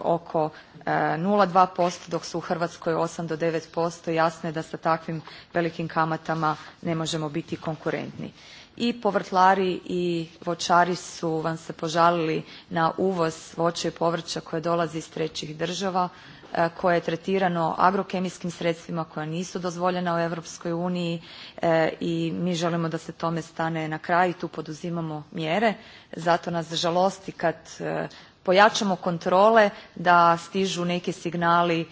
oko 0,2%, dok su u Hrvatskoj 8 do 9%. Jasno je da sa takvim velikim kamatama ne možemo biti konkurentni. I povrtlari i voćari su vam se požalili na uvoz voća i povrća koje dolazi iz trećih država E, koje je tretirano agrokemijskim sredstvima koja nisu dozvoljena u Europskoj uniji e, i mi želimo da se tome stane na kraj i tu poduzimamo mjere. Zato nas žalosti kad e, pojačamo kontrole da stižu neki signali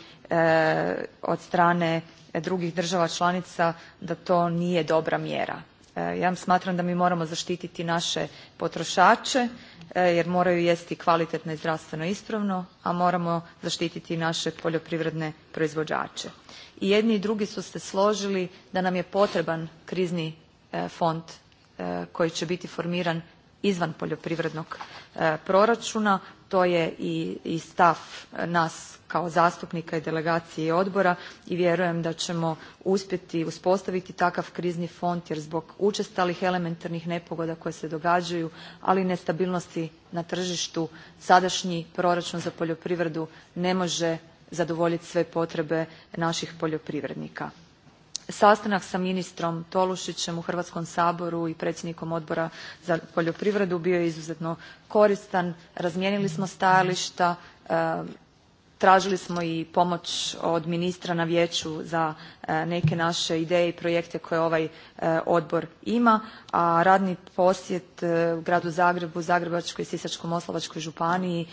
od strane drugih država članica da to nije dobra mjera. E, ja smatram da mi moramo zaštititi naše potrošače e, jer moraju jesti kvalitetno i zdravstveno ispravno a moramo zaštititi naše poljoprivredne proizvođače. i jedni i drugi su se složili da nam je potreban krizni e, fond koji će biti formiran izvan poljoprivrednog proračuna to je i, stav nas kao zastupnika i delegacije i odbora i vjerujem da ćemo uspjeti uspostaviti takav krizni fond jer zbog učestalih elementarnih nepogoda koje se događaju ali i nestabilnosti na tržištu sadašnji proračun za poljoprivredu ne može zadovoljiti sve potrebe naših poljoprivrednika sastanak sa ministrom tolušićem u hrvatskom saboru i predsjednikom odbora za poljoprivredu bio je izuzetno koristan razmijenili smo stajališta tražili smo i pomoć od ministra na vijeću za e, neke naše ideje i projekte koje ovaj e, odbor ima a radni posjet e, gradu zagrebu zagrebačkoj i sisačko moslavačkoj županiji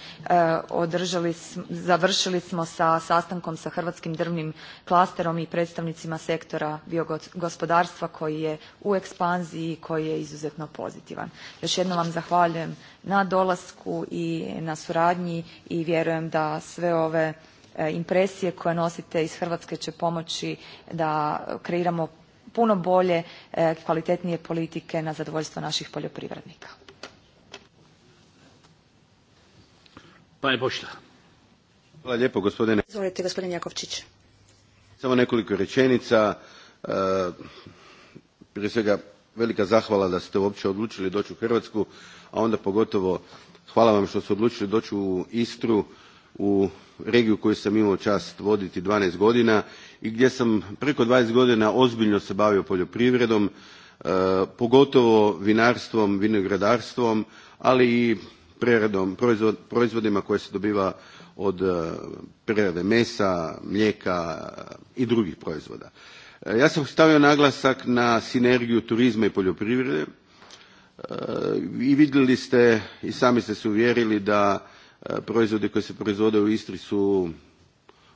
održali, završili smo sa sastankom sa hrvatskim drvnim klasterom i predstavnicima sektora biogospodarstva koji je u ekspanziji i koji je izuzetno pozitivan. još jednom vam zahvaljujem na dolasku i na suradnji i vjerujem da sve ove e, impresije koje nosite iz Hrvatske će pomoći da kreiramo puno bolje, e, kvalitetnije politike na zadovoljstvo naših poljoprivrednika. Hvala lijepo gospodine. Izvolite gospodin Jakovčić. Samo nekoliko rečenica. E, prije svega velika zahvala da ste uopće odlučili doći u hrvatsku a onda pogotovo hvala vam što ste odlučili doći u istru u regiju koju sam imao čast voditi dvanaest godina i gdje sam preko dvadeset godina ozbiljno se bavio poljoprivredom e, pogotovo vinarstvom vinogradarstvom ali i preradom proizvodima koje se dobiva od e, prerade mesa mlijeka i drugih proizvoda. E, ja sam stavio naglasak na sinergiju turizma i poljoprivrede e, i vidjeli ste i sami ste se uvjerili da e, proizvodi koji se proizvode u Istri su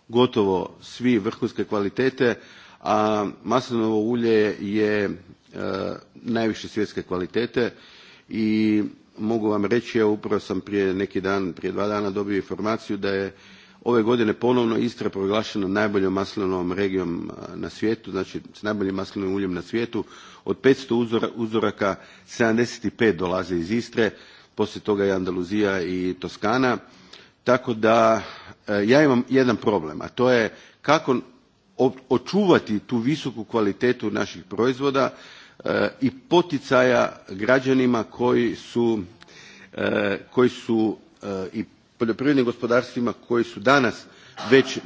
gotovo svi vrhunske kvalitete, a maslinovo ulje je najviše svjetske kvalitete i mogu vam reći, ja upravo sam prije neki dan, prije dva dana dobio informaciju da je ove godine ponovno Istra proglašena najboljom maslinovom regijom na svijetu, znači s najboljim maslinovim uljem na svijetu. Od 500 uzoraka uzoraka 75 dolaze iz Istre, poslije toga je Andaluzija i Toskana. Tako da e, ja imam jedan problem, a to je kako očuvati tu visoku kvalitetu naših proizvoda e, i poticaja građanima koji su, e, koji su i poljoprivrednim gospodarstvima koji su danas već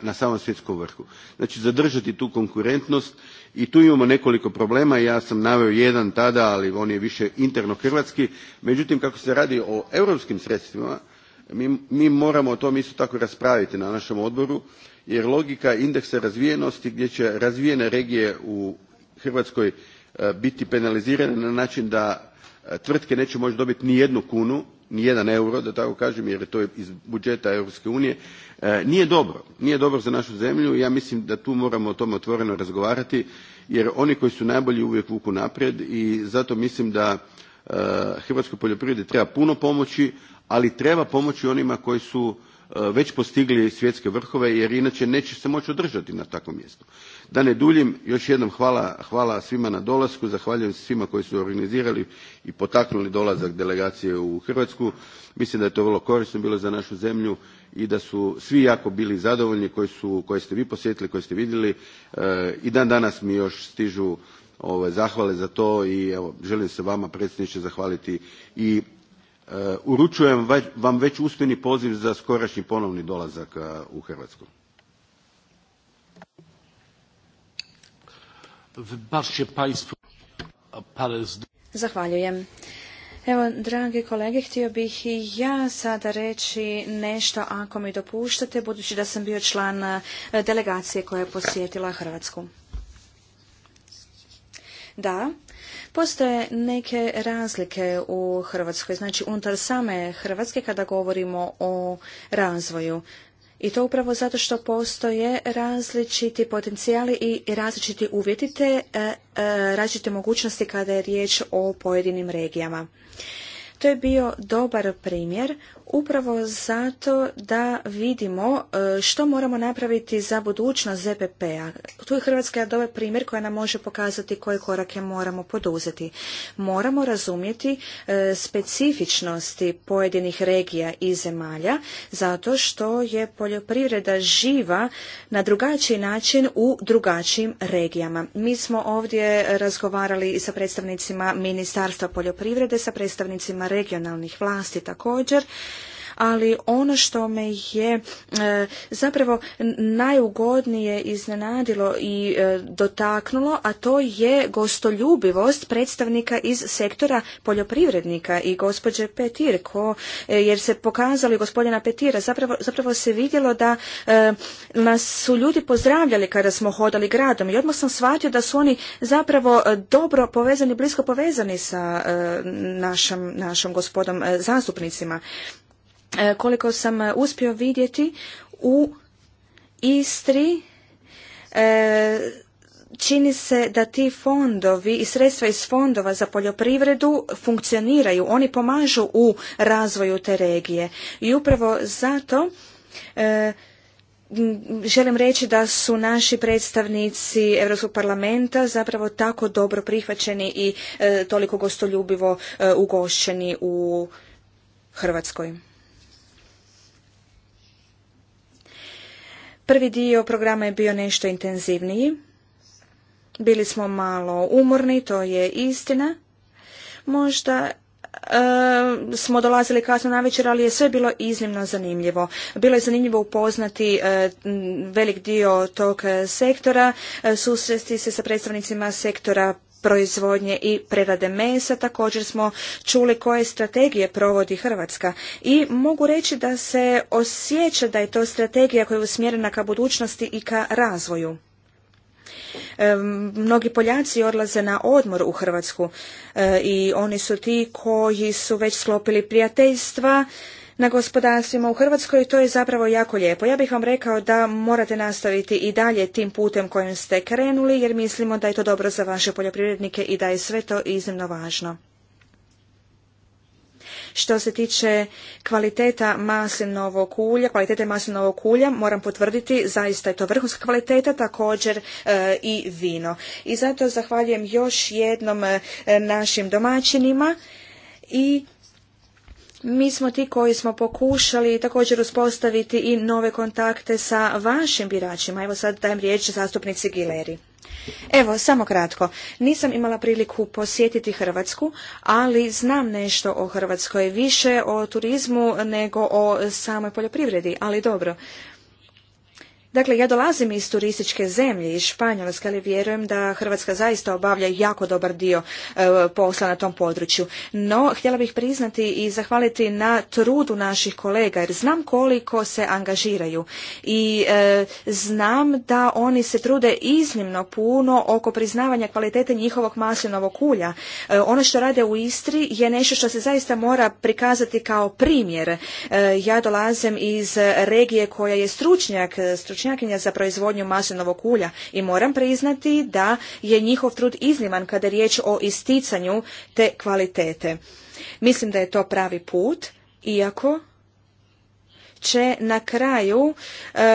na, samom svjetskom vrhu. Znači zadržati tu konkurentnost i tu imamo nekoliko problema, ja sam naveo jedan tada, ali on je više interno hrvatski, međutim kako se radi o europskim sredstvima, mi, moramo o tome isto tako raspraviti na našem odboru jer logika indeksa razvijenosti gdje će razvijene regije u Hrvatskoj eh, biti penalizirane na način da eh, tvrtke neće moći dobiti ni jednu kunu nijedan euro da tako kažem jer je to iz budžeta europske unije e, nije dobro nije dobro za našu zemlju i ja mislim da tu moramo o tome otvoreno razgovarati jer oni koji su najbolji uvijek vuku naprijed i zato mislim da e, hrvatskoj poljoprivredi treba puno pomoći ali treba pomoći onima koji su E, već postigli svjetske vrhove jer inače neće se moći održati na takvom mjestu. Da ne duljim, još jednom hvala, svima na dolasku, zahvaljujem svima koji su organizirali i potaknuli dolazak delegacije u Hrvatsku. Mislim da je to vrlo korisno bilo za našu zemlju i da su svi jako bili zadovoljni koji su, koje ste vi posjetili, koje ste vidjeli. E, I dan danas mi još stižu ove ovaj, zahvale za to i evo želim se vama predsjedniče zahvaliti i E, uručujem vam već usmeni poziv za skorašnji ponovni dolazak e, u Hrvatsku. Zahvaljujem. Evo, dragi kolege, htio bih i ja sada reći nešto, ako mi dopuštate, budući da sam bio član e, delegacije koja je posjetila Hrvatsku. Da, Postoje neke razlike u Hrvatskoj, znači unutar same Hrvatske kada govorimo o razvoju. I to upravo zato što postoje različiti potencijali i različiti uvjeti te e, e, različite mogućnosti kada je riječ o pojedinim regijama. To je bio dobar primjer upravo zato da vidimo e, što moramo napraviti za budućnost ZPP-a. Tu je Hrvatska dobar primjer koja nam može pokazati koje korake moramo poduzeti. Moramo razumjeti e, specifičnosti pojedinih regija i zemalja zato što je poljoprivreda živa na drugačiji način u drugačijim regijama. Mi smo ovdje razgovarali i sa predstavnicima Ministarstva poljoprivrede, sa predstavnicima regionalnih vlasti također ali ono što me je e, zapravo najugodnije iznenadilo i e, dotaknulo, a to je gostoljubivost predstavnika iz sektora poljoprivrednika i gospođe Petir, ko, e, jer se pokazali gospodina Petira, zapravo, zapravo se vidjelo da nas su ljudi pozdravljali kada smo hodali gradom i odmah sam shvatio da su oni zapravo dobro povezani, blisko povezani sa e, našom, gospodom zastupnicima. E, koliko sam e, uspio vidjeti u Istri e, čini se da ti fondovi i sredstva iz fondova za poljoprivredu funkcioniraju, oni pomažu u razvoju te regije i upravo zato želim reći da su naši predstavnici Europskog parlamenta zapravo tako dobro prihvaćeni i toliko gostoljubivo e, ugošćeni u Hrvatskoj. Prvi dio programa je bio nešto intenzivniji. Bili smo malo umorni, to je istina. Možda e, smo dolazili kasno na večer, ali je sve bilo iznimno zanimljivo. Bilo je zanimljivo upoznati e, velik dio tog sektora, e, susresti se sa predstavnicima sektora proizvodnje i prerade mesa. Također smo čuli koje strategije provodi Hrvatska. I mogu reći da se osjeća da je to strategija koja je usmjerena ka budućnosti i ka razvoju. mnogi Poljaci odlaze na odmor u Hrvatsku e, i oni su ti koji su već sklopili prijateljstva na gospodarstvima u Hrvatskoj to je zapravo jako lijepo. Ja bih vam rekao da morate nastaviti i dalje tim putem kojim ste krenuli jer mislimo da je to dobro za vaše poljoprivrednike i da je sve to iznimno važno. Što se tiče kvaliteta maslinovog ulja, kvalitete maslinovog ulja, moram potvrditi, zaista je to vrhunska kvaliteta, također e, i vino. I zato zahvaljujem još jednom e, našim domaćinima i mi smo ti koji smo pokušali također uspostaviti i nove kontakte sa vašim biračima. Evo sad dajem riječ zastupnici Gileri. Evo, samo kratko. Nisam imala priliku posjetiti Hrvatsku, ali znam nešto o Hrvatskoj, više o turizmu nego o samoj poljoprivredi, ali dobro. Dakle, ja dolazim iz turističke zemlje, iz Španjolske, ali vjerujem da Hrvatska zaista obavlja jako dobar dio e, posla na tom području. No, htjela bih priznati i zahvaliti na trudu naših kolega, jer znam koliko se angažiraju i e, znam da oni se trude iznimno puno oko priznavanja kvalitete njihovog maslinovog ulja. E, ono što rade u Istri je nešto što se zaista mora prikazati kao primjer. Ja dolazim iz regije koja je stručnjak, stručnjak stručnjakinja za proizvodnju maslinovog ulja i moram priznati da je njihov trud izniman kada je riječ o isticanju te kvalitete. Mislim da je to pravi put, iako će na kraju e,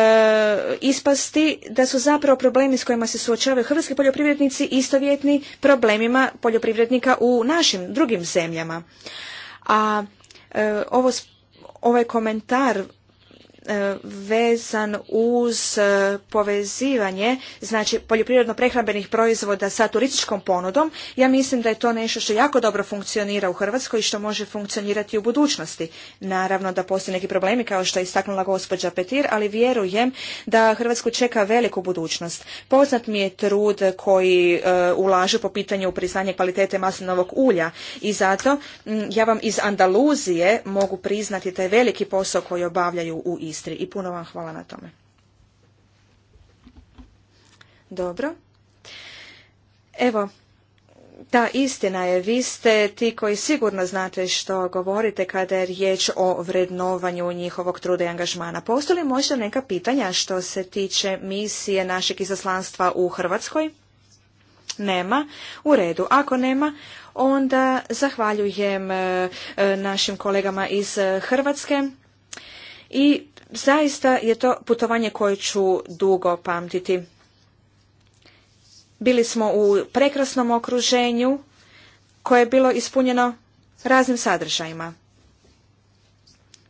ispasti da su zapravo problemi s kojima se suočavaju hrvatski poljoprivrednici istovjetni problemima poljoprivrednika u našim drugim zemljama. A e, ovo, ovaj komentar E, vezan uz e, povezivanje znači poljoprivredno prehrambenih proizvoda sa turističkom ponudom ja mislim da je to nešto što jako dobro funkcionira u Hrvatskoj i što može funkcionirati u budućnosti naravno da postoje neki problemi kao što je istaknula gospođa Petir ali vjerujem da Hrvatsku čeka veliku budućnost poznat mi je trud koji e, ulaže po pitanju priznanja kvalitete maslinovog ulja i zato ja vam iz Andaluzije mogu priznati taj veliki posao koji obavljaju u Istri i puno vam hvala na tome. Dobro. Evo, ta istina je. Vi ste ti koji sigurno znate što govorite kada je riječ o vrednovanju njihovog truda i angažmana. Postoji li možda neka pitanja što se tiče misije našeg izaslanstva u Hrvatskoj? Nema. U redu. Ako nema, onda zahvaljujem e, našim kolegama iz Hrvatske i Zaista je to putovanje koje ću dugo pamtiti. Bili smo u prekrasnom okruženju koje je bilo ispunjeno raznim sadržajima.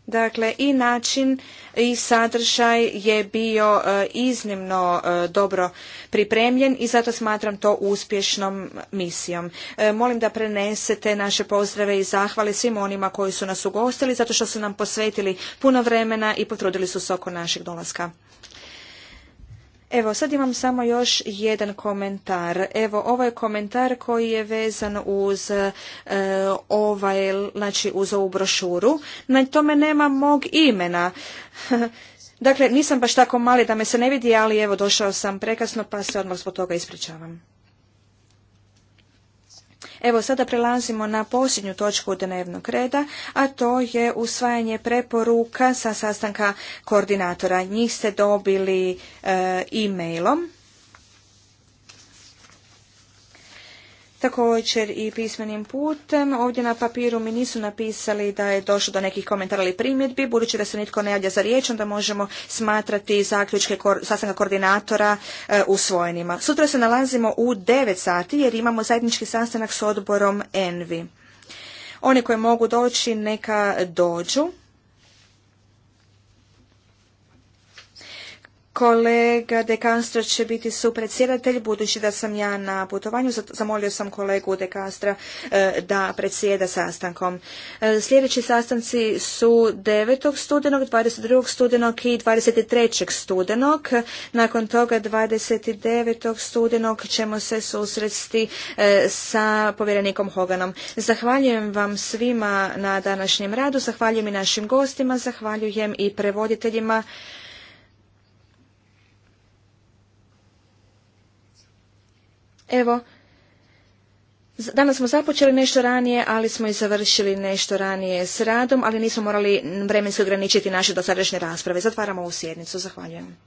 Dakle, i način i sadržaj je bio e, iznimno e, dobro pripremljen i zato smatram to uspješnom misijom. E, molim da prenesete naše pozdrave i zahvale svim onima koji su nas ugostili, zato što su nam posvetili puno vremena i potrudili su se oko našeg dolaska. Evo, sad imam samo još jedan komentar. Evo, ovo je komentar koji je vezan uz e, ovaj, znači uz ovu brošuru. Na tome nema mog imena. dakle, nisam baš tako mali da me se ne vidi, ali evo, došao sam prekasno pa se odmah zbog toga ispričavam. Evo sada prelazimo na posljednju točku dnevnog reda, a to je usvajanje preporuka sa sastanka koordinatora. Njih ste dobili e, e-mailom. također i pismenim putem. Ovdje na papiru mi nisu napisali da je došlo do nekih komentara ili primjedbi. Budući da se nitko ne javlja za riječ, onda možemo smatrati zaključke sastanka koordinatora e, usvojenima. Sutra se nalazimo u 9 sati jer imamo zajednički sastanak s odborom ENVI. Oni koji mogu doći neka dođu. Kolega De će biti supredsjedatelj, budući da sam ja na putovanju, zamolio sam kolegu De e, da predsjeda sastankom. E, sljedeći sastanci su 9. studenog, 22. studenog i 23. studenog. Nakon toga 29. studenog ćemo se susresti e, sa povjerenikom Hoganom. Zahvaljujem vam svima na današnjem radu, zahvaljujem i našim gostima, zahvaljujem i prevoditeljima. Evo, Danas smo započeli nešto ranije, ali smo i završili nešto ranije s radom, ali nismo morali vremenski ograničiti naše dosadašnje rasprave. Zatvaramo ovu sjednicu. Zahvaljujem.